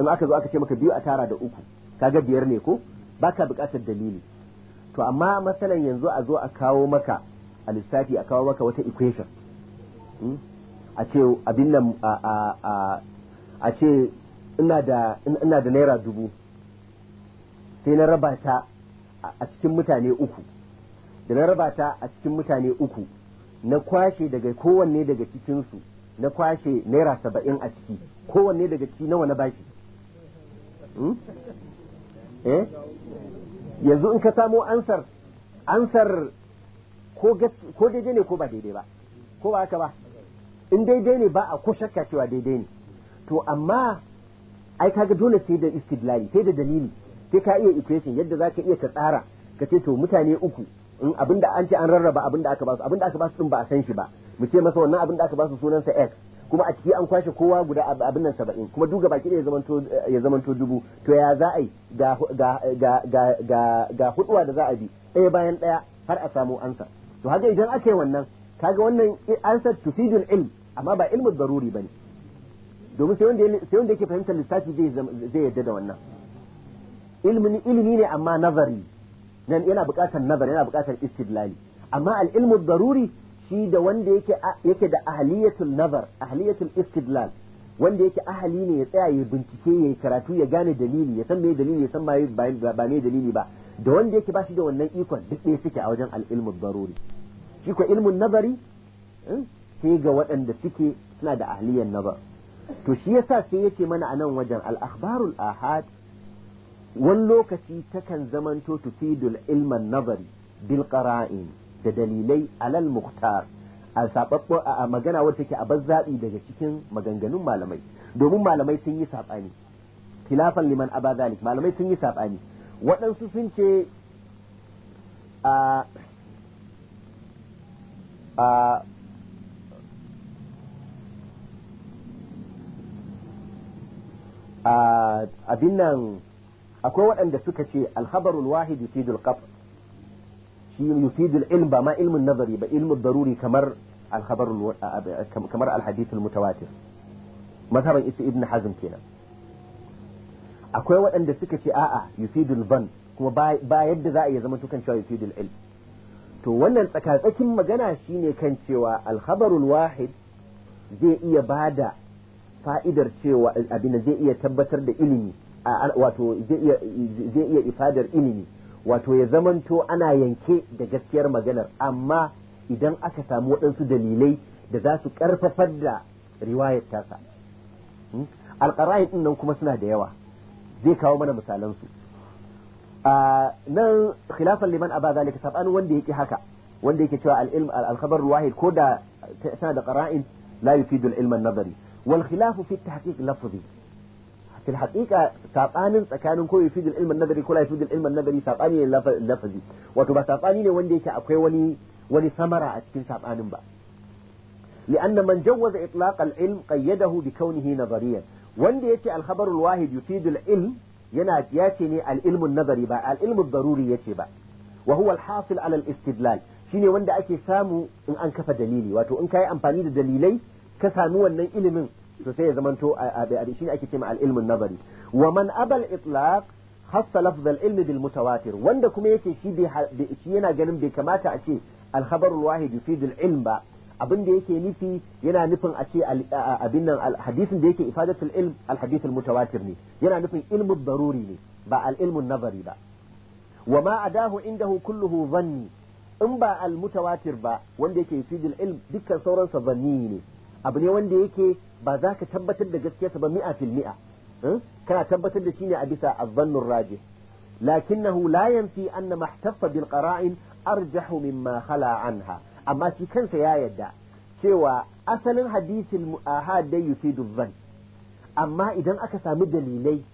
in aka zo aka ce maka biyu a tara da uku kaga biyar ne ko baka bukatar dalili to amma masalan yanzu a zo a kawo maka a lissafi a kawo maka wata equation hmm? a ce abin nan a ce ina da naira dubu sai na raba a cikin mutane uku da na raba ta a cikin mutane uku na kwashe daga kowanne daga cikinsu na kwashe naira saba'in a ciki kowanne daga ciki nawa na bashi hmm? eh yanzu in ka samo ansar ansar ko daidai ne ko ba daidai ba ko ba haka ba in daidai ne ba a ko shakka cewa daidai ne to amma ai kaga dole sai da istidlali sai da dalili sai ka iya equation yadda za ka iya ka tsara ka ce to mutane uku in abinda an ce an rarraba abinda aka ba abinda aka ba su din ba a san shi ba mu ce masa wannan abinda aka ba sunansa sunan x kuma a ciki an kwashe kowa guda abin nan 70 kuma duga baki da ya zamanto ya dubu to ya za a yi ga ga huduwa da za a bi ɗaya bayan ɗaya har a samu ansa to haka idan aka yi wannan kaga wannan ansar tufidul ilm amma ba ilmu daruri bane domin sai wanda sai wanda yake fahimtar lissafi zai zai yadda da wannan ilmi ilmi ne amma nazari dan yana buƙatar nazar yana buƙatar istidlali amma al-ilmu daruri shi da wanda yake yake da ahliyatul nazar ahliyatul istidlal wanda yake ahali ne ya tsaya ya bincike ya karatu ya gane dalili ya san me dalili ya san ba me dalili ba da wanda yake ba shi da wannan ikon duk ɗaya suke a wajen al-ilmu daruri shi ko ilmun nazari eh, sai ga waɗanda suke suna da ahliyan nazar to shi yasa sai ce mana a nan wajen al-akhbarul ahad wani lokaci takan zamanto tufidul ilman nazari bil qara'in da dalilai alal muhtar a sababbo a magana wacce take a bazzabi daga cikin maganganun malamai domin malamai sun yi sabani khilafan liman aba zalik malamai sun yi sabani waɗansu sun ce a a a abin nan akwai waɗanda suka ce alhabarul wahid yufidul qaf shi yufidul ilm ba ma ilmin nazari ba ilmin daruri kamar alhabarul kamar alhadithul mutawatir mazhaban isa ibn hazm kenan akwai waɗanda suka ce a'a yufidul ban kuma ba yadda za a iya zama tukan cewa yufidul ilm to wannan tsakatsakin magana shine kan cewa alhabarul wahid zai iya bada fa'idar cewa abin zai iya tabbatar da ilimi wato zai iya ifadar ilimi wato ya zamanto ana yanke da gaskiyar maganar amma idan aka samu waɗansu dalilai da za su ƙarfafar da riwayar tasa hmm? alƙara'in ɗin nan kuma suna da yawa zai kawo mana misalansu nan khilafan liman aba zalika saban wanda yake haka wanda yake cewa al-ilm al-khabar wahid ko da tana da qara'in la yufidu al-ilm an wal khilaf fi at-tahqiq lafzi في الحقيقة تابعان تكانون كل يفيد العلم النظري كل يفيد العلم النظري تابعان اللف اللفظي وتبع تابعانين ونديك أقويني ولثمرة أتكن تابعان با لأن من جوز إطلاق العلم قيده بكونه نظريا ونديك الخبر الواحد يفيد العلم يناتياتني العلم النظري با العلم الضروري يتبع وهو الحاصل على الاستدلال شيني وندأك سامو إن أنكف دليلي واتو إن كاي أمباني دليلي كسانو أنه إلمن to sai ya zamanto ne ake cewa al-ilmun nazari wa man abal itlaq hasa lafz al-ilm bil mutawatir wanda kuma yake shi shi yana ganin bai kamata a ce al-khabar al-wahid yufid al-ilm ba abin da yake nufi yana nufin a ce abin nan hadisin da yake ifadatul ilm al-hadith al-mutawatir ne yana nufin ilmu daruri ne ba al-ilmun nazari ba wa ma adahu indahu kulluhu dhanni in ba al-mutawatir ba wanda yake yufid al-ilm dukkan sauransa dhanni ne abu ne wanda yake ba za ka tabbatar da gaskiyarsa ba mi'a fil mi'a eh? kana tabbatar da shi ne a bisa azzannur raji lakinnahu la yanfi anna mahtaffa bil qara'in arjahu mimma khala anha amma shi kansa ya yadda cewa asalin hadisil mu'ahad dai yufidu dhann amma idan aka sami dalilai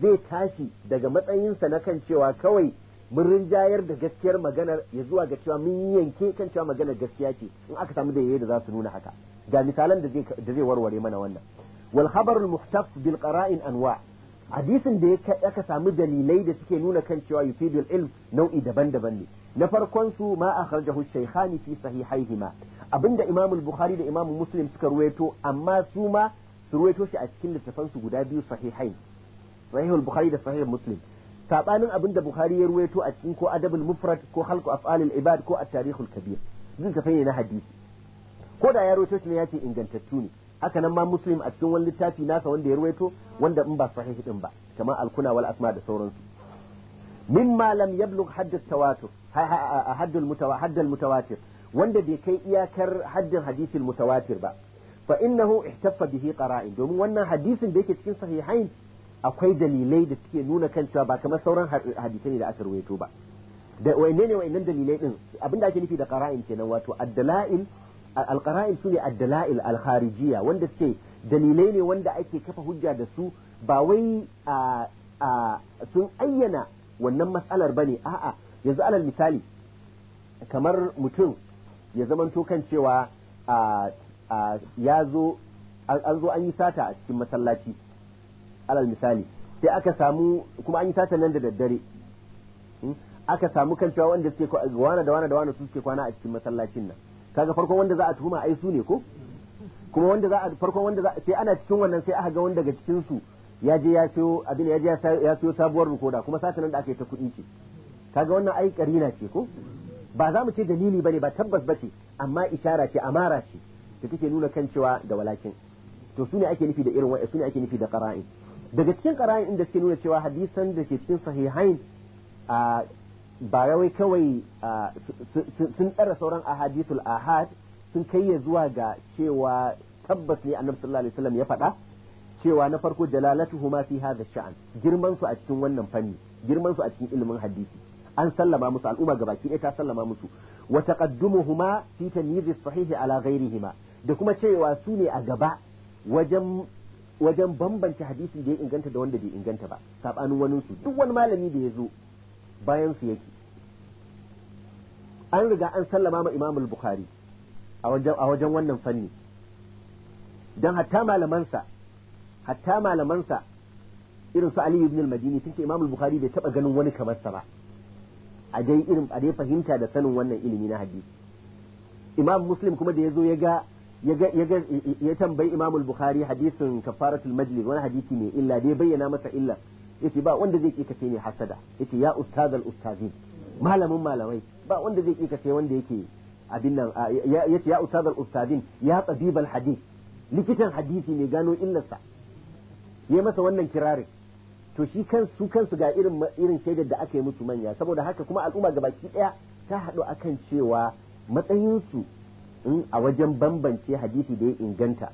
zai tashi daga matsayinsa na kan cewa kawai mun rinjayar da gaskiyar maganar ya zuwa ga cewa mun yanke kan cewa maganar gaskiya ce in aka samu dalilai da za su nuna haka ده مثالا ده زي ورور يمنى وانا والخبر المختص بالقرائن أنواع حديث ده يكا سامد دليلي ده سكينونا كان شوى يفيد العلم نوئي دبن دبن لي نفر كونسو ما أخرجه الشيخان في صحيحيهما أبن ده إمام البخاري ده إمام مسلم سكرويتو أما سوما سرويتو شيء أتكين لتفنسو قدابيو صحيحين صحيح البخاري ده صحيح مسلم سابانن أبن ده بخاري يرويتو أتكين كو أدب المفرد كو خلق أفعال العباد كو التاريخ الكبير ذلك فين هنا حديث ko da ya rawaito shi ne ya ce ingantattu ne haka nan ma muslim a cikin wani littafi nasa wanda ya rawaito wanda in ba sahihi din ba kamar alkuna wal asma da sauransu mimma lam yablugh hadd at-tawatur hadd al-mutawatir wanda bai kai iyakar haddin hadisin mutawatir ba fa innahu ihtaffa bihi qara'in domin wannan hadisin da yake cikin sahihain akwai dalilai da suke nuna kan cewa ba kamar sauran hadisai da aka rawaito ba da wayanne ne wayannan dalilai din abinda ake nufi da qara'in kenan wato ad-dala'il alqara'il su ne addala'il al wanda suke dalilai ne wanda ake kafa hujja da su ba wai sun ayyana wannan matsalar bane a'a yanzu alal misali kamar mutum ya zamanto kan cewa ya zo an zo an yi sata a cikin masallaci alal misali sai aka samu kuma an yi sata nan da daddare hmm? aka samu kan cewa wanda suke kwana da wana da wani su suke kwana a cikin masallacin nan kaga farkon wanda za a tuhuma ai su ne ko kuma wanda za a farkon wanda za sai ana cikin wannan sai aka ga wanda daga cikin su ya je ya siyo abin ya je ya siyo sabuwar rikoda kuma nan da aka yi ta kuɗi ce kaga wannan ai karina ce ko ba za mu ce dalili bane ba tabbas bace amma isharar ce amara ce da take nuna kan cewa da walakin to su ne ake nufi da irin su ne ake nufi da qara'in daga cikin qara'in da suke nuna cewa hadisan da ke cikin sahihain a ba ya wai kawai sun ɗara sauran ahadithul ahad sun kai ya zuwa ga cewa tabbas ne a sallallahu alaihi wasallam ya faɗa cewa na farko huma fi hadha sha'an girman su a cikin wannan fanni girman su a cikin ilimin hadisi an sallama musu al'umma gabaki ɗaya ta sallama musu wa taqaddumuhuma fi tamyiz sahihi ala ghairihima da kuma cewa su ne a gaba wajen wajen bambance hadisi da ya inganta da wanda bai inganta ba sabanin wani duk wani malami da ya zo bayan su yake an riga an sallama ma imamul bukhari a wajen wannan fanni don hatta malamansa hatta malamansa irin su aliyu ibn al-madini sun ce imamul bukhari bai taba ganin wani kamar sa ba a dai irin a dai fahimta da sanin wannan ilimi na hadisi imam muslim kuma da yazo ya ga ya tambayi imamul bukhari hadisin kafaratul majlis wani hadisi ne illa dai bayyana masa illa yace ba wanda zai kika ne hasada yace ya ustaz al ustazin malamin malamai ba wanda zai kika sai wanda yake abin nan yace ya ustaz al ustazin ya tabib hadith likitan hadisi ne gano illarsa ya masa wannan kirarin to shi kan su kansu ga irin irin shaidar da aka yi musu manya saboda haka kuma al'umma gabaki daya ta haɗu akan cewa matsayinsu hmm, a wajen bambance hadisi da ya inganta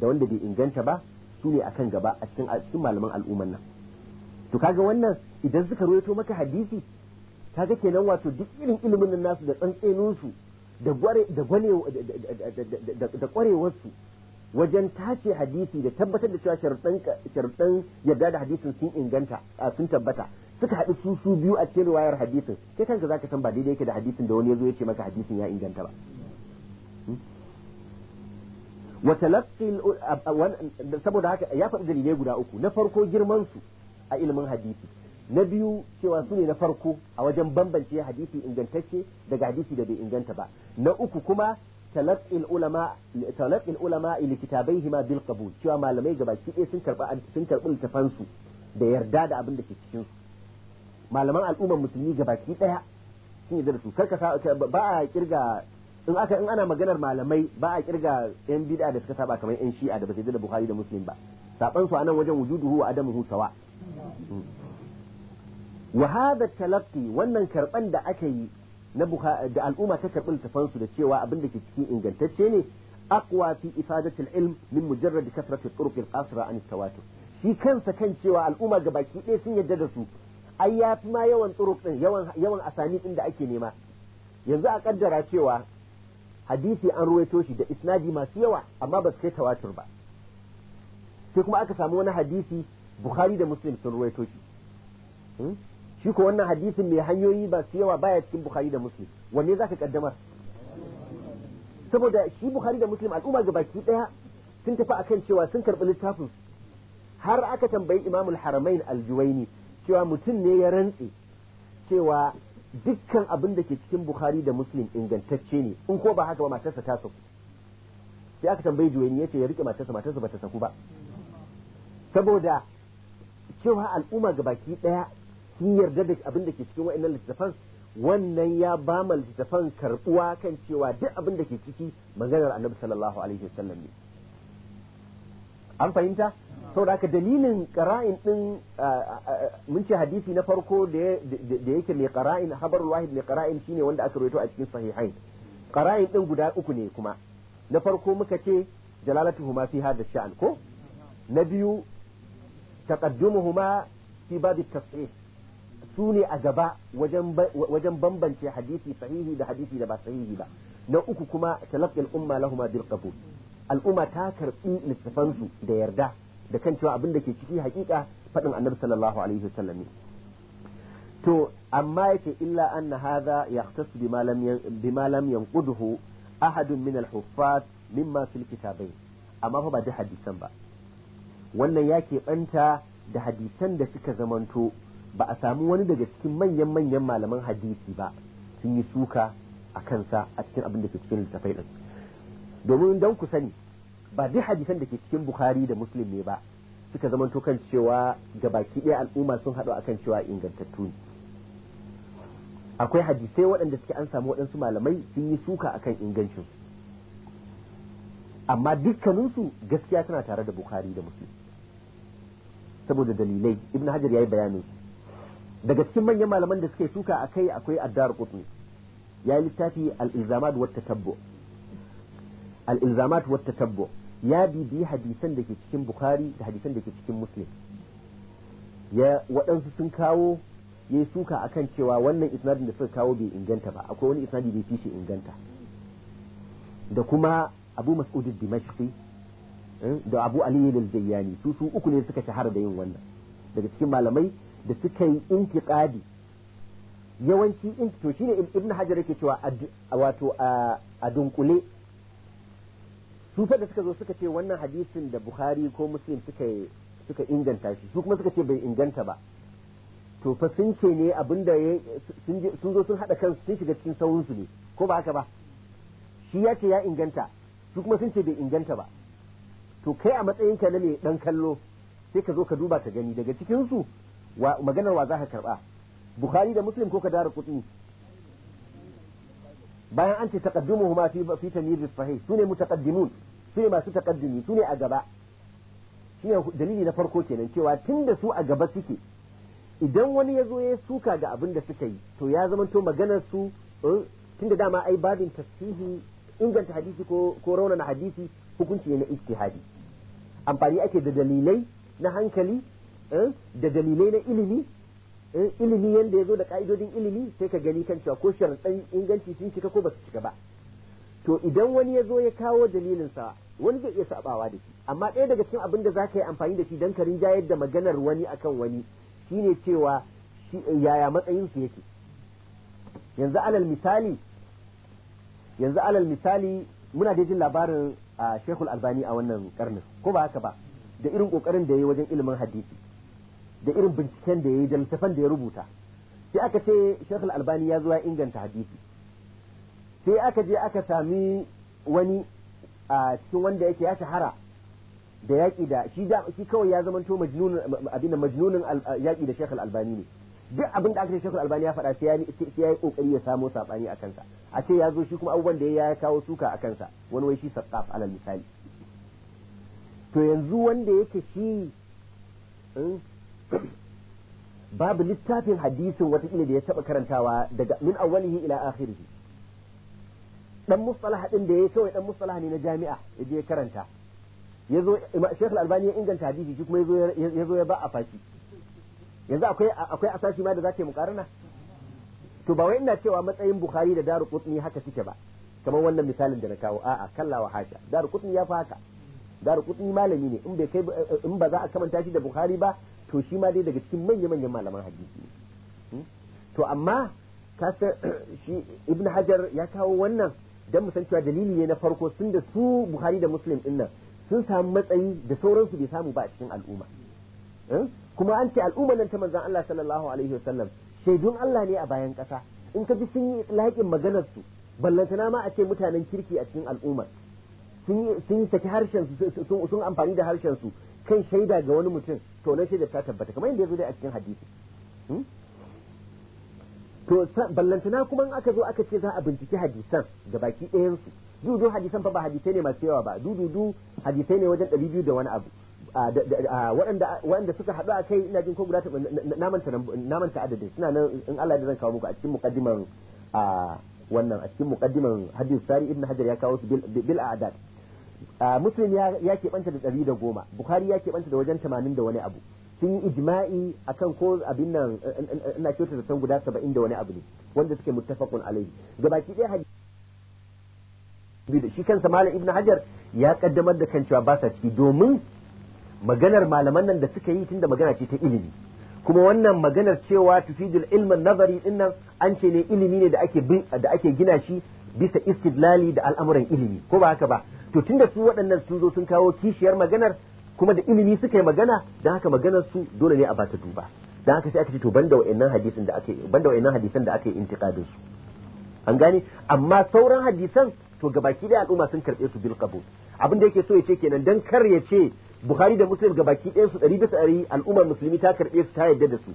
da wanda bai inganta ba su ne akan gaba a cikin malaman al'umman nan to kaga wannan idan suka ruwaito maka hadisi kaga kenan wato duk irin ilimin nan nasu da tsantsenin su da gware da gwane da kwarewar su wajen tace hadisi da tabbatar da cewa sharuɗan yarda da hadisin sun inganta sun tabbata suka haɗu su su biyu a cikin riwayar hadisin kai kanka zaka san ba daidai yake da hadisin da wani yazo ya ce maka hadisin ya inganta ba hmm? wa talaqqi saboda haka ya faɗi dalilai guda uku na farko girman su a ilimin hadisi na biyu cewa su ne na farko a wajen bambance hadisi ingantacce daga hadisi da bai inganta ba na uku kuma talaqil ulama talaqil ulama li kitabaihima bil qabul cewa malamai gabaki ɗaya sun karba sun karbi littafan su da yarda da abin da ke cikin su malaman al'ummar musulmi gabaki ɗaya sun yarda da su karka ba a kirga in aka in ana maganar malamai ba a kirga yan bid'a da suka saba kamar yan shi'a da ba su da buhari da Muslim ba saban su anan wajen wujuduhu wa adamuhu sawa' wa hada talabti wannan karban da aka yi na da al'umma ta karbin littafansu da cewa abin da ke cikin ingantacce ne aqwa fi ifadatul ilm min mujarrad kasrati turuq al-qasra an tawatur shi kansa kan cewa al'umma gabaki ɗaya sun yarda da su ai yafi ma yawan turuq din yawan yawan asani din da ake nema yanzu a kaddara cewa hadisi an ruwaito shi da isnadi masu yawa amma ba su kai tawatur ba sai kuma aka samu wani hadisi bukhari da muslim sun ruwaito shi hmm? shi ko wannan hadisin mai hanyoyi ba su yawa baya cikin bukhari da muslim wanne zaka kaddamar saboda shi bukhari da muslim al'umma ga baki daya sun tafi akan cewa sun karbi littafin har aka tambayi imamul haramain aljuwaini cewa mutum ne ya rantse cewa dukkan abin da ke cikin bukhari da muslim ingantacce ne in ko ba haka ba matarsa ta saku sai aka tambayi juwaini ya ce ya rike matarsa matarsa ba ta saku ba saboda cewa al'umma ga baki daya sun yarda da abin da ke cikin wa'annan littafan wannan ya ba ma littafan karbuwa kan cewa duk abin da ke ciki maganar annabi sallallahu alaihi wasallam ne an fahimta saboda haka dalilin qara'in din mun ce hadisi na farko da yake mai qara'in habarul wahid mai qara'in shine wanda aka rawaito a cikin sahihain qara'in din guda uku ne kuma na farko muka ce jalalatuhuma fi hadha sha'an ko na biyu taqaddumuhuma fi bab at-tasih sune a gaba wajen bambance hadisi sahihi da hadisi da ba sahihi ba na uku kuma talaqqi al-umma lahumma bil al'umma ta karbi littafansu da yarda da kan cewa abin da ke ciki hakika faɗin annabi sallallahu alaihi wasallam ne to amma yake illa anna hadha yahtas bima lam bima lam yanqudhu ahadun min al-huffaz mimma fil kitabain amma fa ba da hadisan ba wannan ya ke keɓanta da hadisan da suka zamanto ba a samu wani daga cikin manyan manyan malaman hadisi ba sun yi suka a kansa a cikin abin da ke cikin littafai ɗin domin don ku sani ba duk hadisan da ke cikin bukhari da muslim ne ba suka zamanto kan cewa ga baki ɗaya al'umma sun haɗu akan cewa ingantattu ne akwai hadisai waɗanda suke an samu waɗansu malamai sun yi suka akan ingancin amma dukkaninsu gaskiya tana tare da bukhari da muslim saboda dalilai ibn hajar yayi bayani daga cikin manyan malaman da suke suka akai akwai addar qutni yayi littafi al-ilzamat wa tatabbu al-ilzamat wa tatabbu ya bibi hadisan da ke cikin bukhari da hadisan da ke cikin muslim ya waɗansu sun kawo ya yi suka akan cewa wannan isnadin da suka kawo bai inganta ba akwai wani isnadi bai fi shi inganta da kuma abu mas'udin dimashqi Eh, da abu aliyu da zayyani su su uku ne suka shahara da yin wannan daga cikin malamai da suka yi intiqadi yawanci to shine ibn hajar yake cewa wato a dunkule su fa da suka zo suka ce wannan hadisin da bukhari ko muslim suka suka inganta shi su kuma suka ce bai inganta ba to fa sun ce ne abinda sun zo sun hada kansu sun shiga cikin sauransu ne ko ba haka ba shi ya ce ya inganta su kuma sun ce bai inganta ba to kai a matsayin ka na ne dan kallo sai ka zo ka duba ka gani daga cikin su maganar wa za ka karba bukhari da muslim ko ka dara kutsi bayan an ce taqaddumuhuma fi fi tamyiz sahih sune mutaqaddimun sune masu taqaddumi sune a gaba shine dalili na farko kenan cewa tunda su a gaba suke idan wani ya zo ya suka ga abin da suka yi to ya zama to maganar su eh, tunda dama ai babin tasihi inganta hadisi ko raunana hadisi hukunci ne na ijtihadi amfani ake da dalilai na hankali eh, da dalilai na ilimi eh, ilimi yanda ya zo da ka'idodin ilimi sai ka gani kan cewa ko sharaɗin inganci sun cika ko ba su cika ba to idan wani ya zo ya kawo dalilin sa wani zai iya sabawa da shi amma ɗaya daga cikin abin da za ka yi amfani da shi don ka rinjayar da maganar wani akan wani shine cewa yaya su yake yanzu alal misali yanzu alal misali muna da jin labarin a shekul albani a wannan karnin ko ba haka ba da irin kokarin da ya yi wajen ilimin hadisi da irin binciken da ya yi da littafan da ya rubuta sai aka ce shekul albani ya zo ya inganta hadisi sai aka je aka sami wani a cikin wanda yake ya shahara da yaƙi da shi kawai ya zamanto majnunin abin majnunin yaƙi da shekul albani ne duk abin da aka ce shekul albani ya faɗa sai ya yi kokari ya samo sabani a kansa a ce ya zo shi kuma abubuwan da ya kawo suka a kansa wani wai shi sassaf alal misali to yanzu wanda yake shi hmm, babu littafin hadisin wata watakila da ya taɓa karantawa daga min awwalihi ila akhirih dan mustalah din da yayi kawai dan mustalah ne na jami'a ya je karanta yazo shekul albani ya inganta hadisi shi kuma yazo yazo ya ba a fashi yanzu akwai akwai asasi ma da za ta yi mukarana to ba wai ina cewa matsayin bukhari da daru qutni haka suke ba kamar wannan misalin da na kawo a'a kallawa hasha daru ya fa haka daru qutni malami ne in bai kai in ba za a kamanta shi da bukhari ba to shi ma dai daga cikin manya manyan malaman hadisi hmm? to amma kasa shi ibn hajar ya kawo wannan dan musan cewa dalili ne na farko sun da su bukhari da muslim din nan sun samu matsayi da sauransu bai samu ba a cikin al'umma hmm? kuma an ce al'ummar nan ta manzan Allah sallallahu alaihi wasallam shaidun Allah ne a bayan ƙasa in ka ji sun yi itlaƙin maganar su na ma a ce mutanen kirki a cikin al'ummar sun yi saki harshen su sun amfani da harshen su kan shaida ga wani mutum to na shaida ta tabbata kamar yadda ya zo dai a cikin hadisi hmm? to ballantana kuma in aka zo aka ce za a binciki hadisan da baki ɗayan su dudu hadisan fa ba hadisai ne masu yawa ba dududu hadisai ne wajen ɗari biyu da wani abu waɗanda suka haɗu a kai ina jin ko guda namanta adadin suna nan in Allah da zan kawo muku a cikin muqaddiman wannan a cikin muqaddiman hadith sari ibn hajar ya kawo su bil a'dad muslim ya ke banta da ɗari da goma bukhari ya ke banta da wajen tamanin da wani abu sun yi ijma'i akan ko abin nan ina kyautar da san guda saba'in da wani abu ne wanda suke muttafaqun alaihi gabaki ɗaya hadith shi kansa malam ibn hajar ya kaddamar da kan cewa ba sa ciki domin maganar malaman nan da suka yi tunda magana ce ta ilimi kuma wannan maganar cewa tufidul ilmin nazari din nan an ce ne ilimi ne da ake da ake gina shi bisa istidlali da al'amuran ilimi ko ba haka ba to tunda su waɗannan sun zo sun kawo kishiyar maganar kuma da ilimi suka yi magana dan haka maganar su dole ne a ba ta duba don haka sai aka ce to banda wa'annan hadisin da ake banda wa'annan hadisan da ake intiqadin su an gane amma sauran hadisan to gabaki daya al'umma sun karbe su bil qabul abin da yake so ya ce kenan dan kar ya ce bukhari da muslim ga baki ɗayan su ɗari bisa ɗari al'ummar musulmi ta karɓe su ta yarda da su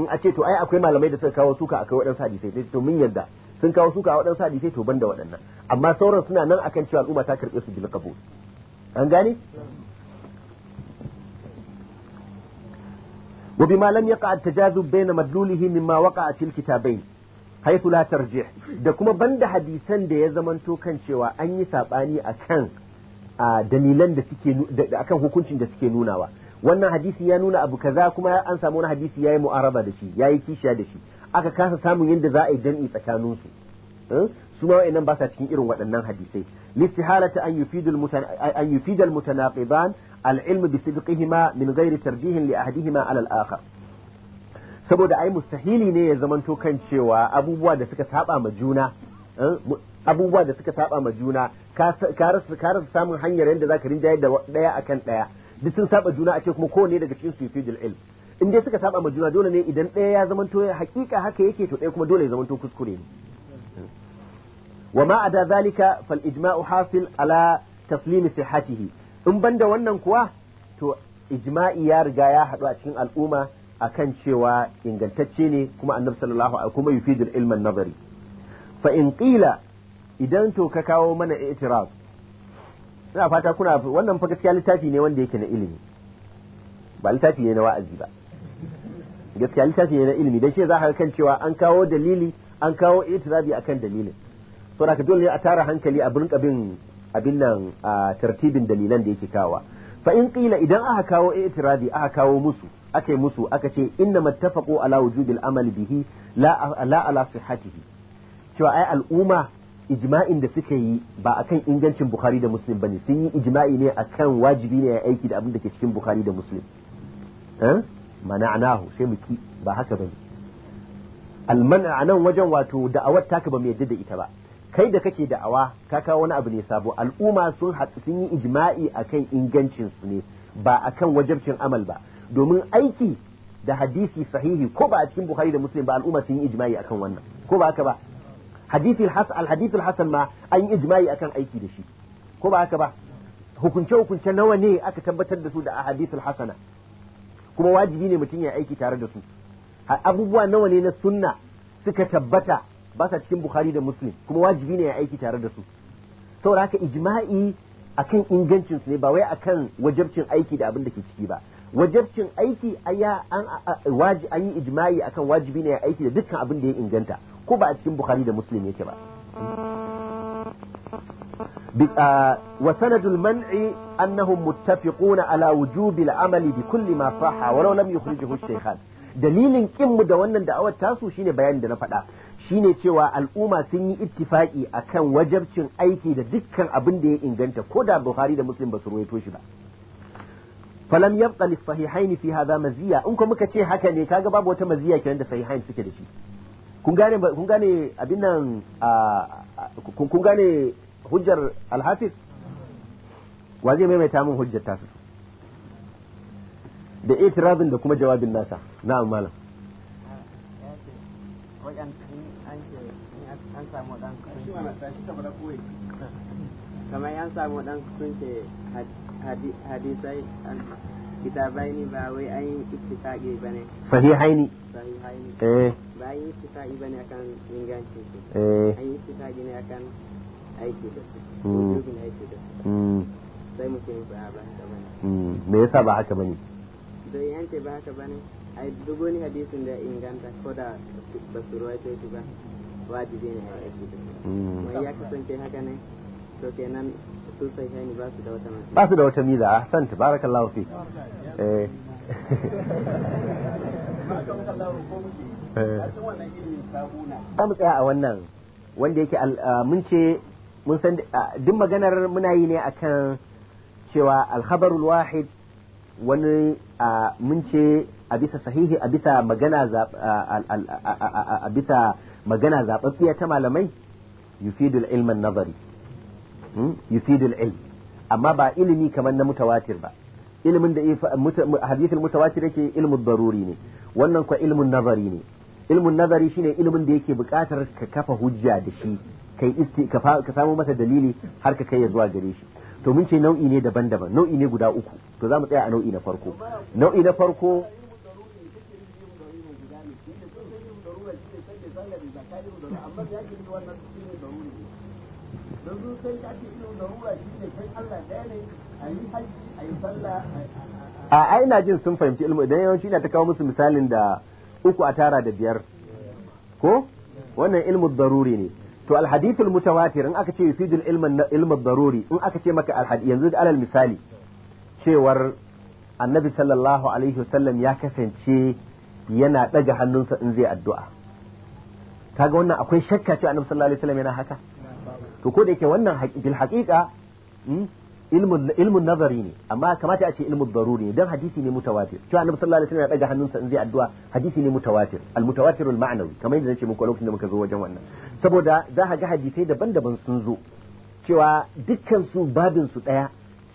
in a ce to ai akwai malamai da suka kawo suka akai waɗansu hadisai sai to mun yarda sun kawo suka a waɗansu hadisai to banda waɗannan amma sauran suna nan akan cewa al'umma ta karɓe su bil qabul an gane وبما لم يقع التجاذب بين مدلوله مما وقع في الكتابين حيث لا ترجح da kuma banda hadisan da ya zamanto kan cewa an yi sabani akan dalilan da suke da akan hukuncin da suke nunawa wannan hadisi ya nuna abu kaza kuma an samu wani hadisi yayi mu'araba da shi yayi kishiya da shi aka kasa samun yadda za a yi dan'i tsakanin su eh? su ma wa'annan ba sa cikin irin waɗannan hadisai listihalata an yufidul an yufidal mutanaqiban al-ilm bi sidqihima min ghairi tarjihin li ahadihima ala al-akhar saboda ai mustahili ne ya zamanto kan cewa abubuwa da suka saba ma juna eh, abubuwa da suka saba ma juna ka rasa samun hanyar yadda zaka rinjaye da daya akan daya duk sun saba juna a ce kuma kowane daga cikin su yufidul ilm in dai suka saba ma juna dole ne idan daya ya zamanto hakika haka yake to daya kuma dole ya zamanto kuskure ne wa ma ada zalika fal ijma'u hasil ala taslim sihhatihi in banda wannan kuwa to ijma'i ya riga ya haɗu a cikin al'umma akan cewa ingantacce ne kuma annabi sallallahu alaihi kuma yufidul ilman nazari fa in qila idan to ka kawo mana i'tiraf ina fata kuna wannan fa gaskiya littafi ne wanda yake na ilimi ba littafi ne na wa'azi ba gaskiya littafi ne na ilimi dan shi za ka kan cewa an kawo dalili an kawo i'tirabi akan dalilin to da dole ne a tara hankali a burin abin abin nan a tartibin dalilan da yake kawa fa in qila idan aka kawo i'tirabi aka kawo musu aka yi musu aka ce inna mattafaqu ala wujubil amali bihi la la ala sihhatihi cewa ai al'umma ijma'in da suka yi ba akan ingancin bukhari da muslim bane sun yi ijma'i ne akan wajibi ne ya aiki da abin da ke cikin bukhari da muslim eh? mana'nahu sai mu ba haka bane almana a nan wajen wato da'awar taka ba mu yadda da ita ba kai da kake da'awa ka kawo wani abu ne sabo al'umma sun sun yi ijma'i a kan su ne ba akan wajabcin amal ba domin aiki da hadisi sahihi ko ba a cikin bukhari da muslim ba al'umma sun yi ijma'i akan wannan ko ba haka ba hadithul hasan alhadithul hasan ma an yi ijma'i akan aiki da shi ko ba haka ba hukunce hukunce nawa ne aka tabbatar da su da ahadithul hasana kuma wajibi ne mutum ya aiki tare da su abubuwa nawa ne na sunna suka tabbata ba sa cikin bukhari da muslim kuma wajibi ne ya aiki tare da su saboda haka ijma'i akan ingancin su ne ba wai akan wajabcin aiki da abin da ke ciki ba wajabcin aiki aya an an yi ijma'i akan wajibi ne ya aiki da dukkan abin da ya inganta ko ba a cikin bukhari da muslim yake ba وسند المنع أنهم متفقون على وجوب العمل بكل ما صح ولو لم shaykhan dalilin kinmu da wannan da'awar tasu shine bayanin da na faɗa shine cewa al'umma sun yi ittifaqi akan wajabcin aiki da dukkan abin da ya inganta ko da Bukhari da Muslim ba su ruwaito shi ba falam yabqa lis sahihaini fi hadha maziya in ko muka ce haka ne kaga babu wata maziya kenan da sahihain suke da shi kun gane abin nan kun gane hujjar alhafis wa zai maimaita min hujjar tasu da itirazin da kuma jawabin nasa na malam kamar yan samu dan sun ce hadisai kitabaini ba wai an yi ittifaqi bane sahihaini sahihaini eh ba yi ittifaqi bane akan ingancin su eh an yi ittifaqi ne akan aiki da su wujubin hmm. aiki da su hmm. sai mutum ba ba haka bane hmm. me yasa ba haka bane da yanke ba haka bane ai duk wani hadisin da inganta ko da ba su ruwaito shi ba wajibi ne a aiki da su ya kasance haka ne to kenan ba su da wata matsala ba su da wata miza ahsan fi eh, eh. mu tsaya a wannan wanda yake ah, mun ce mun san ah, duk maganar muna yi ne akan cewa alhabarul wahid wani ah, mun ce a bisa sahihi a bisa magana a bisa magana zaɓaɓɓiya ta malamai yufidul ilman nazari Hmm? yufidul ilm amma ba ilimi kamar na mutawatir ba ilimin da hadithul mutawatir yake ilmin daruri ne wannan kwa ilmun nazari ne ilmin nazari shine ilimin da yake buƙatar ka kafa hujja da shi kai isti ka samu masa dalili har ka kai ya zuwa gare shi to mun ce nau'i ne daban-daban nau'i ne guda uku to za mu tsaya a nau'i na farko nau'i na farko don sun sai ka ce yau ruwa shi ne sai Allah ɗaya ne a yi haji a yi sallah a ai na jin sun fahimci ilmu idan yawanci ina ta kawo musu misalin da uku a tara da biyar ko wannan ilmu daruri ne to alhadithul mutawatir in aka ce yusidul ilmin ilmu daruri in aka ce maka alhadi yanzu alal misali cewar annabi sallallahu alaihi wasallam ya kasance yana daga hannunsa in zai addu'a kaga wannan akwai shakka cewa annabi sallallahu alaihi wasallam yana haka to ko da yake wannan bil haqiqa hmm, ilmun nazari ne amma kamata a ce ilmun daruri ne dan hadisi ne mutawatir cewa annabi sallallahu alaihi wasallam ya daga hannunsa in zai addu'a hadisi ne mutawatir al mutawatirul ma'nawi kamar yadda nace muku lokacin da muka zo wajen wannan saboda za ka ga hadisai daban-daban sun zo cewa dukkan su babin su daya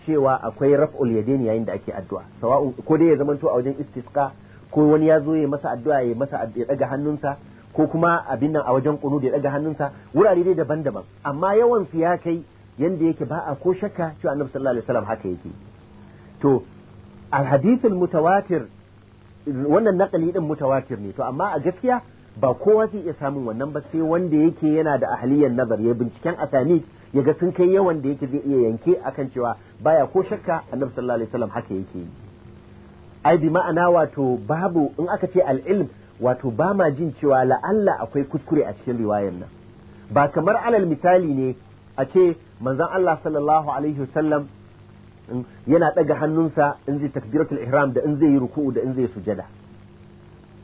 cewa akwai raf'ul yadain yayin da ake addu'a sawa'un ko dai ya zamanto a wajen istisqa ko wani ya zo ya masa addu'a ya masa ya daga hannunsa ko kuma abin nan a wajen kunu da ya daga hannunsa wurare dai daban-daban amma yawan su ya kai yanda yake ba a ko shakka cewa annabi sallallahu alaihi wasallam haka yake to alhadith almutawatir wannan nakali din mutawatir ne to amma a gaskiya ba kowa zai iya samun wannan ba sai wanda yake yana da ahliyar nazar ya binciken asani ya ga sun kai yawan da yake zai iya yanke akan cewa baya ko shakka annabi sallallahu alaihi wasallam haka yake ai bi ma'ana wato babu in aka ce al-ilm wato ba ma jin cewa la'alla akwai kuskure a cikin riwayar nan ba kamar alal misali ne a ce manzon Allah sallallahu alaihi wasallam yana daga hannunsa in zai takbiratul ihram da in zai yi ruku'u da in zai sujada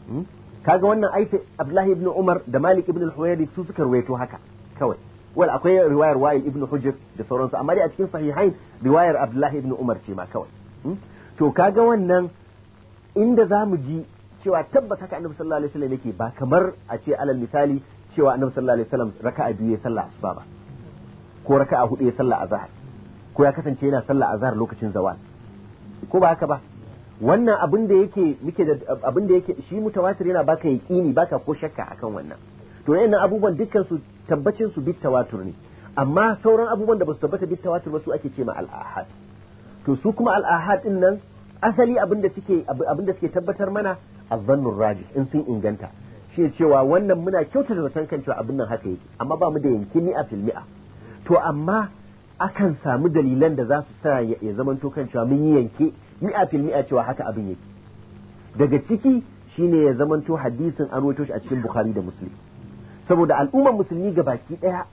hmm? kaga wannan aita Abdullahi ibn Umar da Malik ibn al-Huwayri su suka rawaito haka kawai wal akwai riwayar Wa'il ibn Hujr da sauransu amma dai a cikin sahihain riwayar Abdullahi ibn Umar ce ma kawai hmm? to kaga wannan inda zamu ji cewa tabbata haka annabi sallallahu alaihi wasallam yake ba kamar a ce alal misali cewa annabi sallallahu alaihi wasallam raka'a biyu ya sallah asuba ba ko raka'a hudu ya sallah azhar ko ya kasance yana sallah azhar lokacin zawal ko ba haka ba wannan abin da yake muke da abin da yake shi mutawatir yana baka yaqini baka ko shakka akan wannan to yana abubuwan dukkan su tabbacin su bit tawatur ne amma sauran abubuwan da ba su tabbata bit tawatur ba su ake ce ma al ahad to su kuma al ahad din nan asali abinda suke abinda suke tabbatar mana azzannur Raji in sun inganta shi cewa wannan muna kyautata zaton kan cewa abin nan haka yake amma ba mu da yanki mi'a fil mi'a to amma akan samu dalilan da za su sa ya to kan cewa mun yi yanke mi'a fil mi'a cewa haka abin yake daga ciki shine ya zamanto hadisin an rawaito shi a cikin Bukhari da Muslim saboda al'ummar musulmi gabaki daya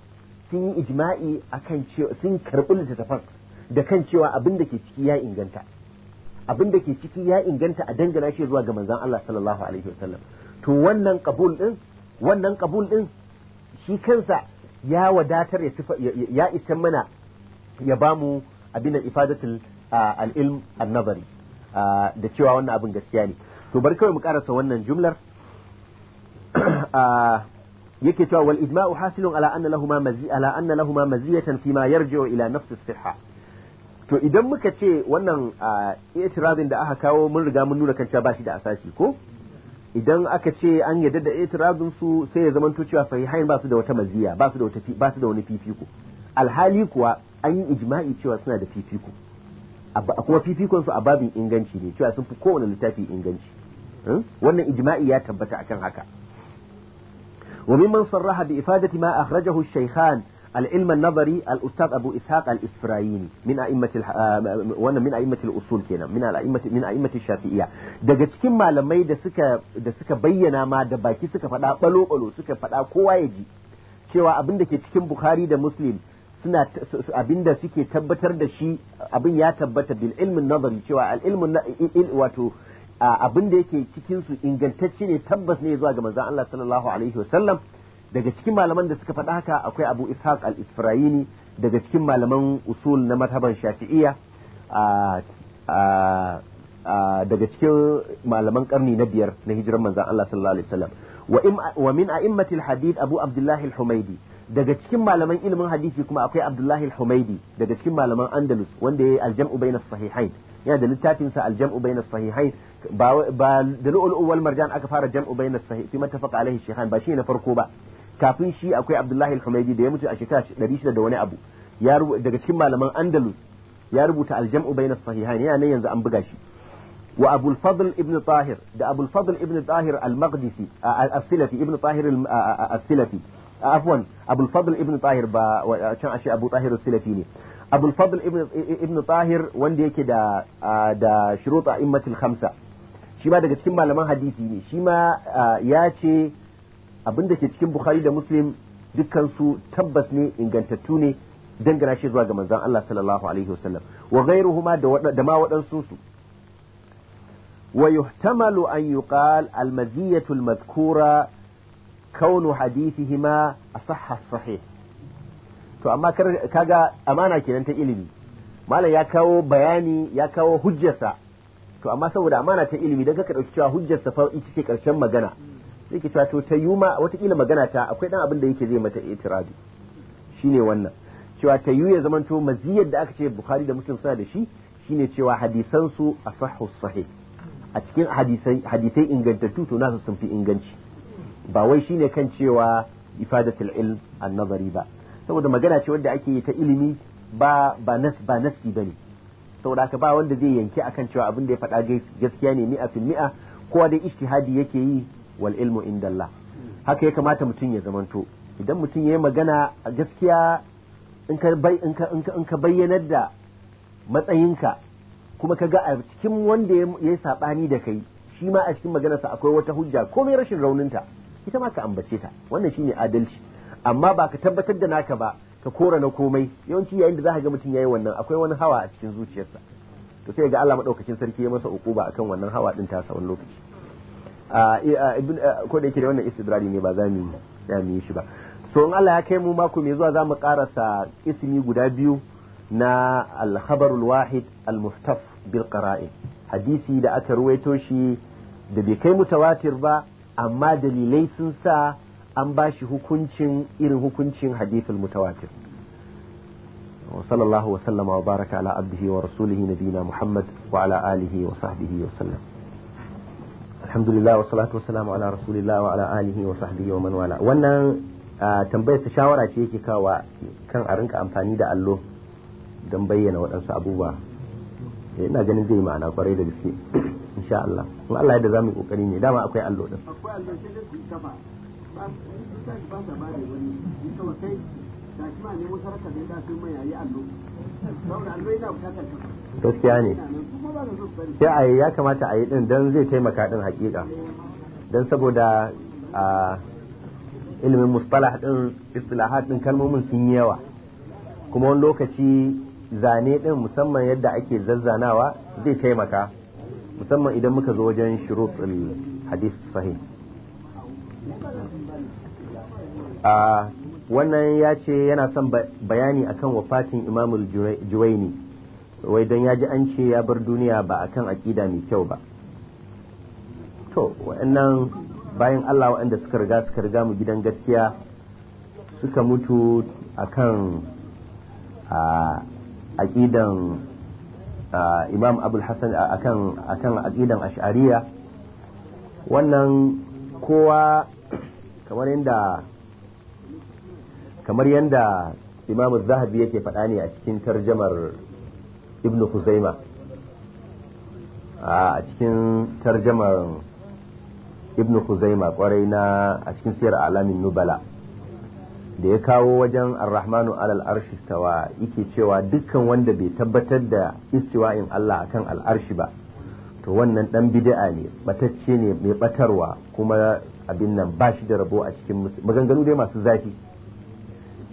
sun yi ijma'i akan cewa sun karbi littafin da kan cewa abin da ke ciki ya inganta abin da ke ciki ya inganta a dangana shi zuwa ga manzon Allah sallallahu alaihi wasallam to wannan kabul din wannan kabul din shi kansa ya wadatar ya ya isan mana ya bamu abin da ifadatul al-ilm an-nazari da cewa wannan abin gaskiya ne to bari kawai mu karasa wannan jumlar yake cewa wal ijma'u hasilun ala anna lahumu maziyatan ala anna lahumu maziyatan fima yarji'u ila nafsi as-sihha to idan muka ce wannan itirazin da aka kawo mun riga mun nuna kan ba shi da asasi ko idan aka ce an yarda da itirazin su sai ya zamanto cewa sahihain ba su da wata maziya ba su da wata ba su da wani fifiko alhali kuwa an yi ijma'i cewa suna da fifiko a kuma fifikon su a babin inganci ne cewa sun fi kowane littafi inganci hmm? wannan ijma'i ya tabbata akan haka wa mimman sarraha bi ifadati ma akhrajahu shaykhan العلم النظري الاستاذ ابو اسحاق الإسفرايني من ائمه الح... وانا من ائمه الاصول كنا من أئمة من ائمه الشافعيه daga cikin malamai da suka da suka bayyana ma da baki suka fada balo balo suka fada kowa ya ji cewa abin da ke cikin Bukhari da Muslim suna abin da suke tabbatar da shi abin ya tabbata bil ilmin nazari cewa al ilmin wato abin da yake cikin su ingantacce ne tabbas ne zuwa ga manzon Allah sallallahu alaihi wasallam daga cikin malaman da suka faɗa haka akwai abu ishaq al-isfirayini daga cikin malaman usul na mazhaban shafi'iya daga cikin malaman karni na biyar na hijiran manzan Allah sallallahu alaihi wasallam wa min a'immati al-hadith abu abdullahi al-humaidi daga cikin malaman ilimin hadisi kuma akwai abdullahi al-humaidi daga cikin malaman andalus wanda yayi al-jam'u bayna sahihain yana da littafin sa al-jam'u bayna sahihain ba da lu'ul wal marjan aka fara jam'u bayna sahihain fi mattafaqa alaihi shaykhan ba shi na farko ba kafin shi akwai abdullahi al-humaydi da ya mutu a shekara 600 da wani abu ya rubuta daga cikin malaman andalus ya rubuta al-jam'u bayna sahihain yana nan yanzu an buga shi wa abul fadl ibn tahir da abul fadl ibn tahir al-maqdisi as-silafi ibn tahir as-silafi afwan abul fadl ibn tahir ba can ashe abu tahir as-silafi ne abul fadl ibn tahir wanda yake da da shuruta immatul khamsa shi ma daga cikin malaman hadisi ne shi ma ya ce da ke cikin bukhari da muslim dukkansu tabbas ne ingantattu ne dangana shi zuwa ga manzon Allah sallallahu alaihi wasallam wa ghayruhuma da da ma waɗansu su wa yuhtamalu an yuqal al maziyatu al madhkura kaunu hadithihima asah sahih to amma kaga amana kenan ta ilimi malam ya kawo bayani ya kawo hujjarsa to amma saboda amana ta ilimi daga ka dauki cewa hujjarsa fa ita ce karshen magana zai ki to ta yuma watakila magana ta akwai dan abin da yake zai mata itirabi shine wannan cewa ta yu ya zamanto maziyar da aka ce bukhari da muslim suna da shi shine cewa hadisan su asahhu sahih a cikin hadisai hadisai ingantattu to nasu sun fi inganci ba wai shine kan cewa ifadatul ilm an-nazari ba saboda magana ce wanda ake yi ta ilimi ba ba nas ba nasi bane saboda haka ba wanda zai yanke akan cewa abin da ya faɗa gaskiya ne mi'a fil mi'a kowa dai ijtihadi yake yi wal ilmu indallah haka ya kamata mutum ya zamanto idan mutum ya yi magana a gaskiya in ka bayyanar da matsayinka kuma ka ga a cikin wanda ya yi saɓani da kai shi ma a cikin maganarsa akwai wata hujja komai rashin rauninta ita ma ka ambace ta wannan shine adalci amma ba ka tabbatar da naka ba ka kora na komai yawanci yayin da za ka ga mutum yayi wannan akwai wani hawa a cikin zuciyarsa to sai ga Allah madaukakin sarki ya masa ukuba akan wannan hawa ɗin ta sa wani lokaci ko da yake da wannan istidrari ne ba za mu yi shi ba so in Allah ya kai mu mako mai zuwa za mu karasa ismi guda biyu na alhabarul wahid almustaf bil qara'in hadisi da aka ruwaito shi da bai kai mutawatir ba amma dalilai sun sa an ba shi hukuncin irin hukuncin hadithul mutawatir ala abdihi wa rasulihi nabina muhammad wa ala alihi wa sahbihi wa sallam. alhamdulillah wa salatu ala rasulillah wa ala alihi wa sahbihi wa man wala wannan tambayar ta shawara ce yake kawa kan a rinka amfani da allo don bayyana waɗansu abubuwa eh, ina ganin zai ma'ana kwarai da gaske insha Allah in Allah ya da zamu kokari ne dama akwai allo din akwai allo sai da ba ba ba wani kai da allo saboda allo yana gaskiya ne sai a ya kamata a yi din don zai taimaka din hakika don saboda a ilimin musfalah din istilahat din kalmomin sun yi yawa kuma wani lokaci zane din musamman yadda ake zazzanawa zai taimaka musamman idan muka zo wajen shurut hadith sahih a wannan ya ce yana son bayani akan wafatin imamul juwaini wai don ya ji an ce ya bar duniya ba a kan aƙida mai kyau ba to wa'annan bayan allah waɗanda suka riga suka riga mu gidan gaskiya suka mutu a kan aƙidan imam abul hassan a kan akidan ash'ariya wannan kowa kamar yadda kamar yadda imam zahabi yake faɗa ne a cikin tarjamar ibn Khuzaima ah, a cikin tarjamar ibn kuzaima kwarai na a cikin siyar alamin nubala da ya kawo wajen arrahmanu alal arshi tawa yake cewa dukkan wanda bai tabbatar da istiwa'in Allah akan al'arshi ba to wannan dan bid'a ne batacce ne mai batarwa kuma abin nan ba shi da rabo a cikin maganganu dai masu zafi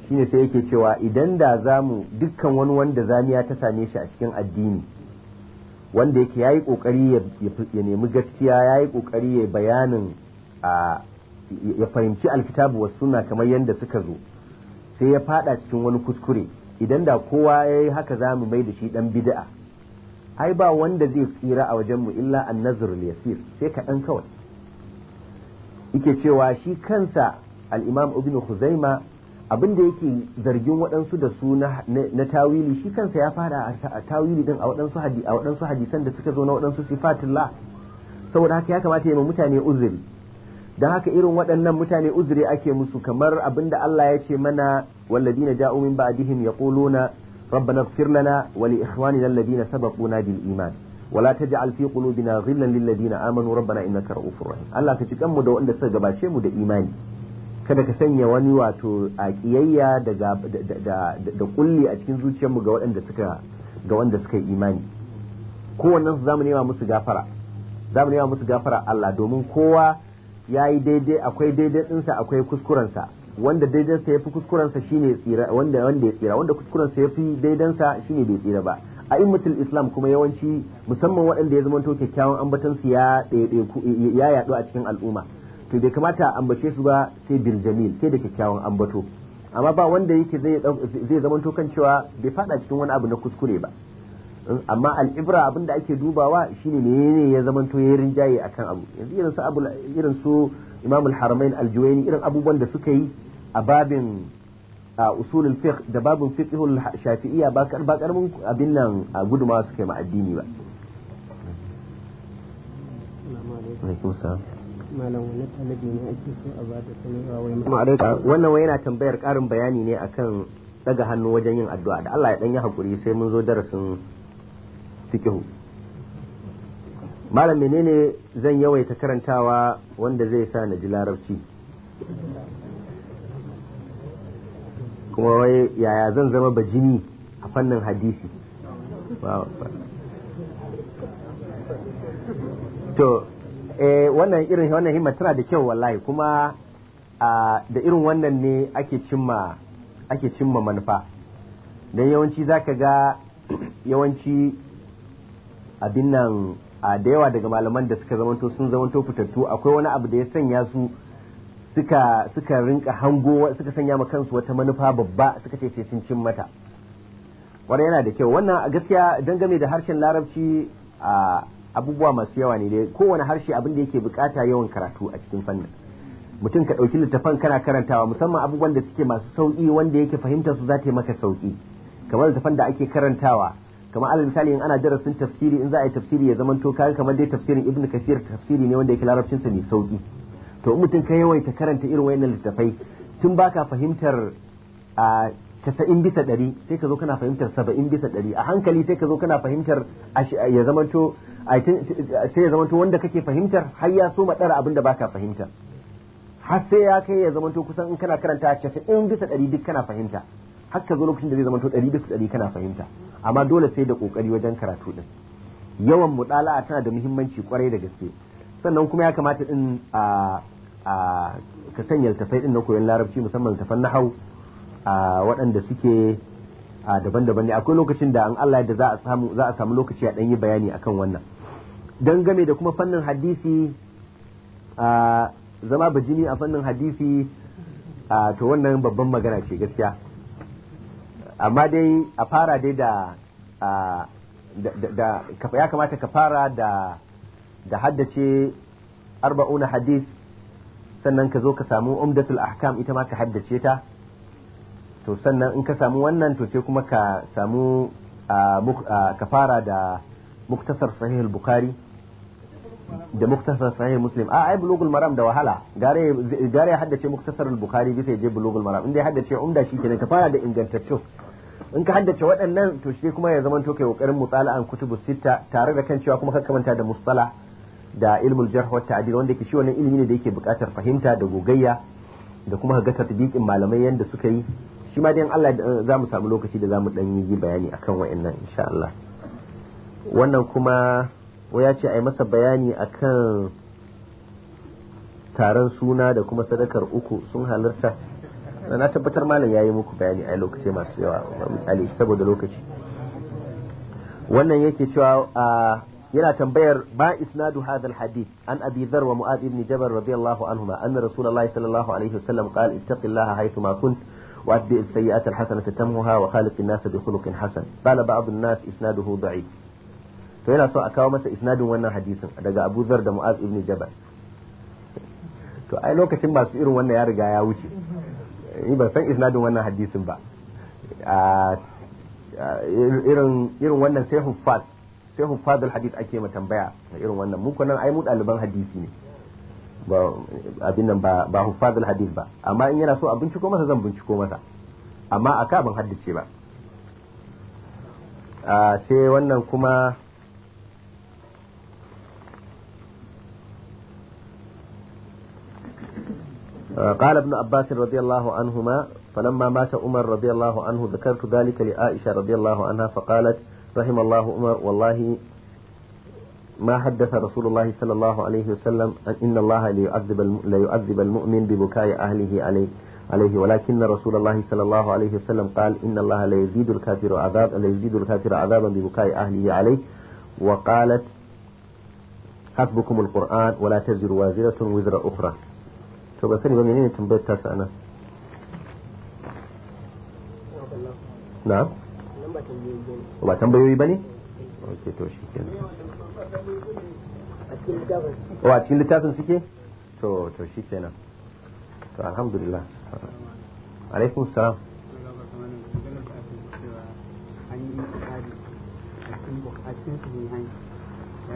shine sai yake cewa idan da zamu dukkan wani wanda zamiya ta same shi a cikin addini wanda yake yayi kokari ya nemi gaskiya yayi kokari ya bayanin a ya fahimci alkitabu was sunna kamar yadda suka zo sai ya fada cikin wani kuskure idan da kowa yayi haka zamu mai da shi dan bid'a ai ba wanda zai tsira a wajen mu illa annazrul yasir sai kaɗan kawai yake cewa shi kansa al-imam ibn khuzaima abin da yake zargin waɗansu da su na tawili shi kansa ya fara a tawili din a waɗansu hadisan da suka zo na waɗansu sifatullah saboda haka ya kamata ya mutane uzuri don haka irin waɗannan mutane uzuri ake musu kamar abin da Allah ya ce mana walladina ja'u min ba'dihim yaquluna ربنا اغفر لنا ولإخواننا الذين سبقونا بالإيمان ولا تجعل في قلوبنا غلا للذين آمنوا ربنا إنك رؤوف رحيم الله wanda suka gabace mu da imani. kada ka sanya wani wato a kiyayya da kulli a cikin zuciyarmu ga waɗanda suka ga wanda suka yi imani kowannensu su mu nema musu gafara mu nema musu gafara Allah domin kowa ya yi daidai akwai daidai ɗinsa akwai kuskurensa wanda daidansa ya fi kuskurensa shi tsira wanda wanda ya tsira wanda kuskurensa ya fi daidansa ne bai tsira ba a immatul islam kuma yawanci musamman waɗanda ya zama to kyakkyawan ambatansu ya ya yaɗu a cikin al'umma to bai kamata a ambace su ba sai bil jamil sai da kyakkyawan ambato amma ba wanda yake zai zai zama to kan cewa bai fada cikin wani abu na kuskure ba eh, amma al'ibra abinda ake dubawa shine menene ya zama to yayin rinjaye akan abu yanzu irin su abu irin su Imam al-Haramain al-Juwayni irin abubuwan da suka yi a babin a al fiqh da babin al shafi'iyya ba karamin abin nan a gudumawa suka yi ma addini ba. malam wani wannan wai yana tambayar karin bayani ne akan daga hannu wajen yin addu'a da Allah ya dan yi hakuri sai mun zo darasin fiqh malam menene zan yawaita karantawa wanda zai sa na ji larabci kuma wai yaya zan zama bajini a fannin hadisi eh wannan irin wannan himma tana da kyau wallahi kuma da irin wannan ne ake cimma ake cimma manufa don yawanci zaka ga yawanci abin nan da yawa daga malaman da suka zamanto sun zamanto fitattu akwai wani abu da ya sanya su suka suka rinka hango suka sanya ma kansu wata manufa babba suka ce sai sun cimma ta wannan yana da kyau wannan gaskiya dangane da harshen larabci a abubuwa masu yawa ne da kowane harshe abin da yake bukata yawan karatu a cikin fannin mutum ka ɗauki littafan kana karantawa musamman abubuwan da suke masu sauƙi wanda yake fahimtar su za ta maka sauƙi kamar littafan da ake karantawa kamar alal misali in ana darasin tafsiri in za a yi tafsiri ya zamanto kayan kamar dai tafsirin ibnu kasir tafsiri ne wanda yake larabcin sa mai sauƙi to in mutum ka yawaita karanta irin wayannan littafai tun baka fahimtar a casa'in bisa ɗari sai ka zo kana fahimtar saba'in bisa ɗari a hankali sai ka zo kana fahimtar ya zamanto a sai ya zamanto wanda kake fahimtar har ya so matsara abinda da baka fahimta har sai ya kai ya zamanto kusan in kana karanta a in bisa ɗari duk kana fahimta har ka zo lokacin da zai zamanto ɗari bisa ɗari kana fahimta amma dole sai da ƙoƙari wajen karatu ɗin yawan muɗala'a tana da muhimmanci ƙwarai da gaske sannan kuma ya kamata in a ka sanya tafai ɗin na koyon larabci musamman na nahau waɗanda suke daban-daban ne akwai lokacin da an Allah da za a samu lokaci a ɗan yi bayani akan wannan game da kuma fannin hadisi a zama jini a fannin hadisi a to wannan babban magana ce gaskiya amma dai a fara dai da ya kamata ka fara da haddace arba'una hadis sannan ka zo ka samu umdatul ahkam ita ma ka haddace ta to sannan in ka samu wannan to sai kuma ka samu ka fara da muktasar sahih al-bukhari da muktasar sahih muslim a ai bulugul maram da wahala gare ya haddace muktasar al-bukhari bisa ya je bulugul maram inda ya haddace umda shi kenan ka fara da ingantaccen in ka haddace waɗannan to shi kuma ya zama zamanto kai kokarin mutala'an kutubus sita tare da kan cewa kuma ka kamanta da mustalah da ilmul jarh wa ta'dil wanda ke shi wannan ilimi ne da yake buƙatar fahimta da gogayya da kuma ga tatbiqin malamai yanda suka yi shi ma dai Allah za mu samu lokaci da za mu dan yi bayani akan wa'annan insha Allah wannan kuma ko ya ce a yi masa bayani akan taron suna da kuma sadakar uku sun halarta na tabbatar malam ya yi muku bayani a lokaci masu yawa ali saboda lokaci wannan yake cewa yana tambayar ba isnadu hadha alhadith an abi dhar wa mu'adh ibn jabal radiyallahu anhuma anna rasulullahi sallallahu alayhi wasallam qala ittaqillaha haythuma kunt وأدئ السيئات الحسنة تمهها bi الناس بخلق حسن قال بعض الناس إسناده ضعيف to yana so a kawo masa isnadin wannan hadisin daga Abu Zar da Mu'az ibn Jabal to ai lokacin masu irin wannan ya riga ya wuce ni ban san isnadin wannan hadisin ba irin irin wannan sai huffaz sai huffazul hadith ake ma tambaya irin wannan mu kunan ai mu daliban hadisi ne ba abin nan ba ba huffazul hadith ba amma in yana so a binciko masa zan binciko masa amma aka ban haddace ba sai wannan kuma قال ابن عباس رضي الله عنهما فلما مات عمر رضي الله عنه ذكرت ذلك لعائشة رضي الله عنها فقالت رحم الله عمر والله ما حدث رسول الله صلى الله عليه وسلم أن إن الله ليعذب ليعذب المؤمن ببكاء أهله عليه عليه ولكن رسول الله صلى الله عليه وسلم قال إن الله لا يزيد الكافر عذاب لا يزيد الكافر عذابا ببكاء أهله عليه وقالت حسبكم القرآن ولا تزر وازرة وزر أخرى to ba sani ba menene tambayar ta sa sana na ba tambayoyi ba ne ok to shi ke nan oh, a cikin littafin suke to to shi ke nan to alhamdulillah alaikum salam ya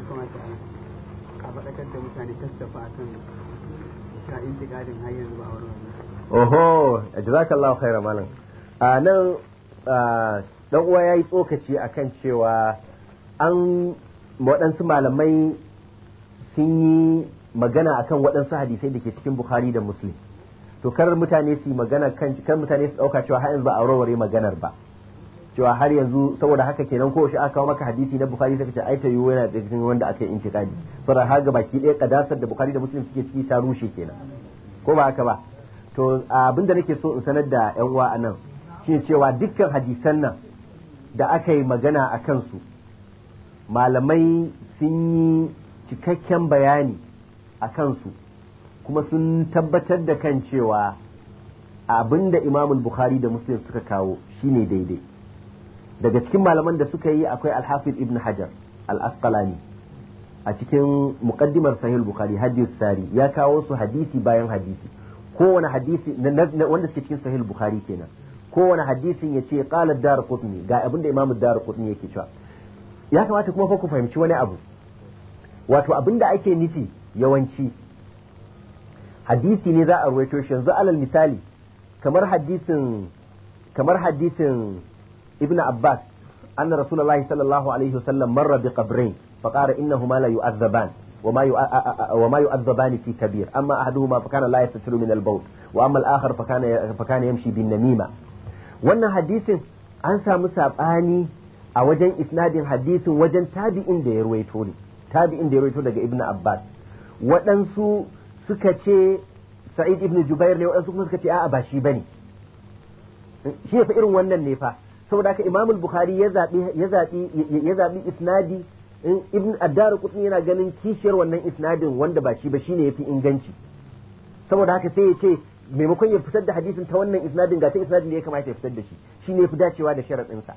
kamata a faɗakar da mutane tattafa a kan oho jazakallahu khairan malam a nan dan uwa yayi tsokaci akan cewa an waɗansu malamai sun yi magana akan waɗansu hadisai da ke cikin Bukhari da Muslim to kar mutane su yi magana kan kar mutane su ɗauka cewa har yanzu ba a warware maganar ba cewa har yanzu saboda haka kenan ko shi aka kawo maka hadisi na bukhari sai ce ai ta yana da cikin wanda aka yi intiqadi saboda har ga baki ɗaya kadasar da bukhari da muslim suke ciki ta rushe kenan ko ba haka ba to abin da nake so in sanar da yan uwa anan shine cewa dukkan hadisan nan da aka yi magana a kansu malamai sun yi cikakken bayani a kansu kuma sun tabbatar da kan cewa abinda imamul bukhari da muslim suka kawo shine daidai daga cikin malaman da suka yi akwai alhafiz ibn hajar al-asqalani a cikin muqaddimar sahih bukhari hadith sari ya kawo su hadisi bayan hadisi kowane hadisi wanda suke cikin sahih bukhari kenan kowane hadisin ya ce qala ad-darqutni ga abin da imamu ad-darqutni yake cewa ya kamata kuma fa ku fahimci wani abu wato abin da ake nufi yawanci hadisi ne za a ruwaito shi yanzu alal misali kamar hadisin kamar hadisin ibn abbas anna rasulullahi sallallahu alaihi wasallam marra bi qabrain fa qala innahuma la yu'adhaban وما يؤذبان في كبير اما فكان لا من البول فكان فكان يمشي wannan hadisin an sami saɓani a wajen isnadin hadisin wajen tabi'in da ya ruwaito ne tabi'in da ya ruwaito daga ibnu abbas waɗansu suka ce sa'id ibnu jubair ne waɗansu kuma suka ce a'a ba shi bane shi fa irin wannan ne fa saboda haka imam bukhari ya zabi ya zabi ya zabi isnadi ibn addar qutni yana ganin kishiyar wannan isnadin wanda ba shi ba shine yafi inganci saboda haka sai ya ce maimakon ya fitar da hadisin ta wannan isnadin ga ta isnadin da ya kamata ya fitar da shi shine yafi dacewa da sharadin sa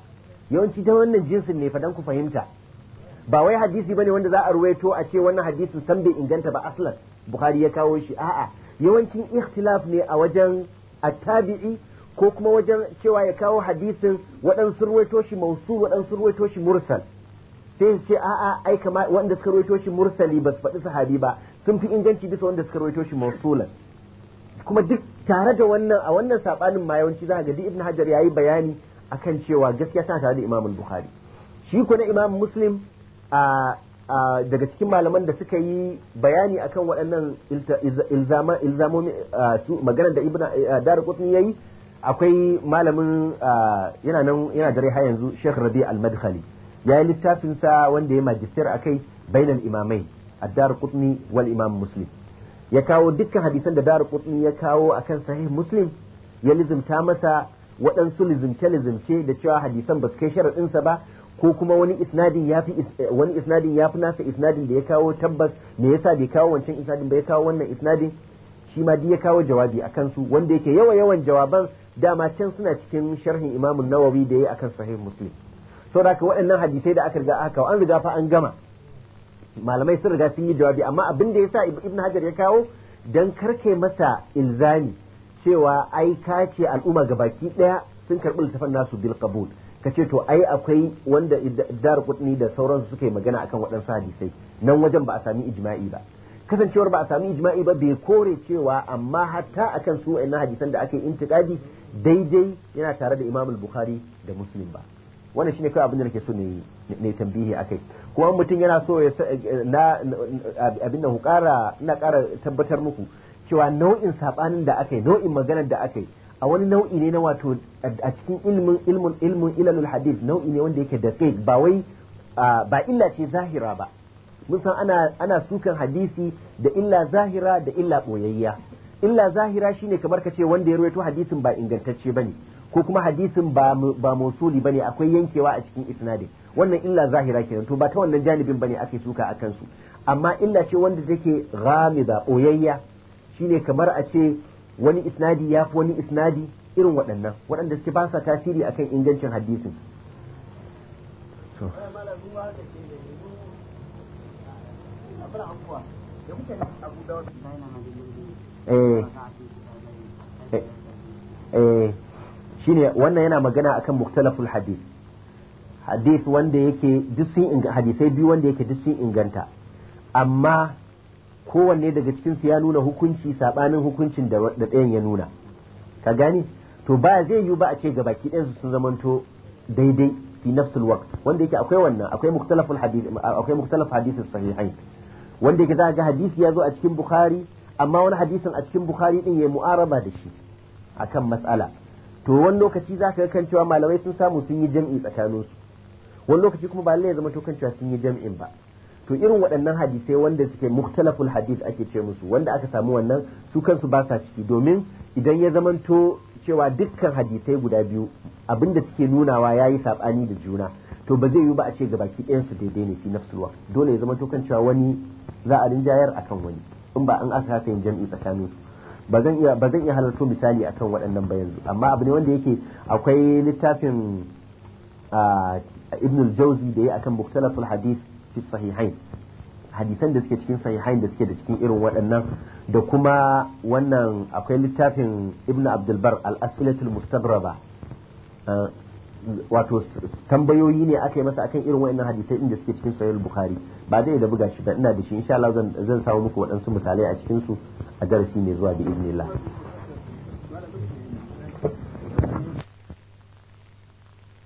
yawanci ta wannan jinsin ne fadan ku fahimta ba wai hadisi bane wanda za a ruwaito a ce wannan hadisin san bai inganta ba aslan bukhari ya kawo shi a'a yawancin ikhtilaf ne a wajen at-tabi'i ko kuma wajen cewa ya kawo hadisin waɗansu ruwaito shi mausul waɗansu ruwaito shi mursal sai su ce a'a ai kama wanda suka ruwaito shi mursali ba su faɗi sahabi ba sun fi inganci bisa wanda suka ruwaito shi mausulan kuma duk tare da wannan a wannan sabanin ma yawanci za ga ibn hajar yayi bayani akan cewa gaskiya tana tare da imam bukhari shi ko na imam muslim a daga cikin malaman da suka yi bayani akan waɗannan ilzamomi magana da ibn darqutni yayi akwai malamin ah, yana nan yana dare har yanzu Sheikh Rabi Al-Madkhali ya yi littafin sa wanda ya magister akai bainal imamai ad-Dar Qutni wal Imam Muslim ya kawo dukkan hadisan da Dar Qutni ya kawo akan Sahih Muslim ya lizimta masa waɗansu lizimce ce da cewa hadisan ba su kai sharaɗin sa ba ko kuma wani isnadin ya fi eh, wani isnadin ya fi nasa isnadin da ya kawo tabbas me yasa bai kawo wancan isnadin ba ya kawo wannan isnadin shi ma duk ya kawo jawabi akan su wanda yake yawa yawan jawaban dama can suna cikin sharhin imamun nawawi da ya akan sahih muslim da ka waɗannan hadisai da aka riga aka an riga fa an gama malamai sun riga sun yi jawabi amma abin da yasa ibn hajar ya kawo dan karke masa ilzami cewa ai ka ce al'umma gabaki daya sun karbi littafin nasu bil qabul ce to ai akwai wanda dar kutni da sauransu suke magana akan waɗansu hadisai nan wajen ba a sami ijma'i ba kasancewar ba a sami ijma'i ba bai kore cewa amma hatta akan su wa'annan hadisan da ake intiqadi daidai yana tare da Imam Bukhari da Muslim ba wannan shine kai abin da nake so ne ne tambihi akai kuma mutum yana so ya na abin da hukara ina kara tabbatar muku cewa nau'in saɓanin da akai nau'in maganar da akai a wani nau'i ne na wato a cikin ilmin ilmin ilmin ilalul hadith nau'i ne wanda yake da ba wai ba illa ce zahira ba mun san ana ana sukan hadisi da illa zahira da illa boyayya illa zahira shine kamar ka ce wanda ya rawaito hadisin ba ingantacce bane ko kuma hadisin ba ba mausuli bane akwai yankewa a cikin isnadin wannan illa zahira kenan to ba ta wannan janibin bane ake suka akan su amma illa ce wanda take ghamiza boyayya shine kamar a ce wani isnadi ya fi wani isnadi irin waɗannan waɗanda suke ba sa tasiri akan ingancin hadisin Eh. Eh. Eh. shine wannan yana magana akan muktalaful hadith hadith wanda yake duk sun hadisai biyu wanda yake duk sun inganta amma kowanne daga cikin su ya nuna hukunci sabanin hukuncin da ɗayan ya nuna ka gani to ba zai yiwu ba a ce baki ɗayan su sun zamanto daidai fi nafsul waqt wanda yake akwai wannan akwai muktalaful hadith akwai muktalaf hadith sahihain wanda yake za ga hadisi ya zo a cikin bukhari amma wani hadisin a cikin bukhari din ya mu'araba da shi akan matsala to wani lokaci za ka ga kan cewa malamai sun samu sun yi jam'i tsakanin su wani lokaci kuma ba lallai ya zama to kan cewa sun yi jam'in ba to irin waɗannan hadisai wanda suke muktalaful hadis ake ce musu wanda aka samu wannan su kansu ba sa ciki domin idan ya zamanto cewa dukkan hadisai guda biyu abinda suke nunawa yayi sabani da juna to ba zai yi ba a ce gabaki ɗayan su daidai ne fi nafsul dole ya zama to kan cewa wani za a rinjayar akan wani in ba an aka haka yin jam'i tsakanin su ba zan iya ba zan iya halarto misali akan waɗannan ba yanzu amma abu ne wanda yake akwai littafin ibn al-jawzi da ya akan mukhtalasul hadith fi sahihain hadisan da suke cikin sahihain da suke da cikin irin waɗannan da kuma wannan akwai littafin ibn abdulbar al-asilatul mustadraba wato tambayoyi ne aka yi masa akan irin wayannan hadisai inda suke cikin sahih bukhari ba zai da buga shi ba ina da shi insha Allah zan zan samu muku waɗansu misalai a cikin su a darasi mai zuwa bi idnillah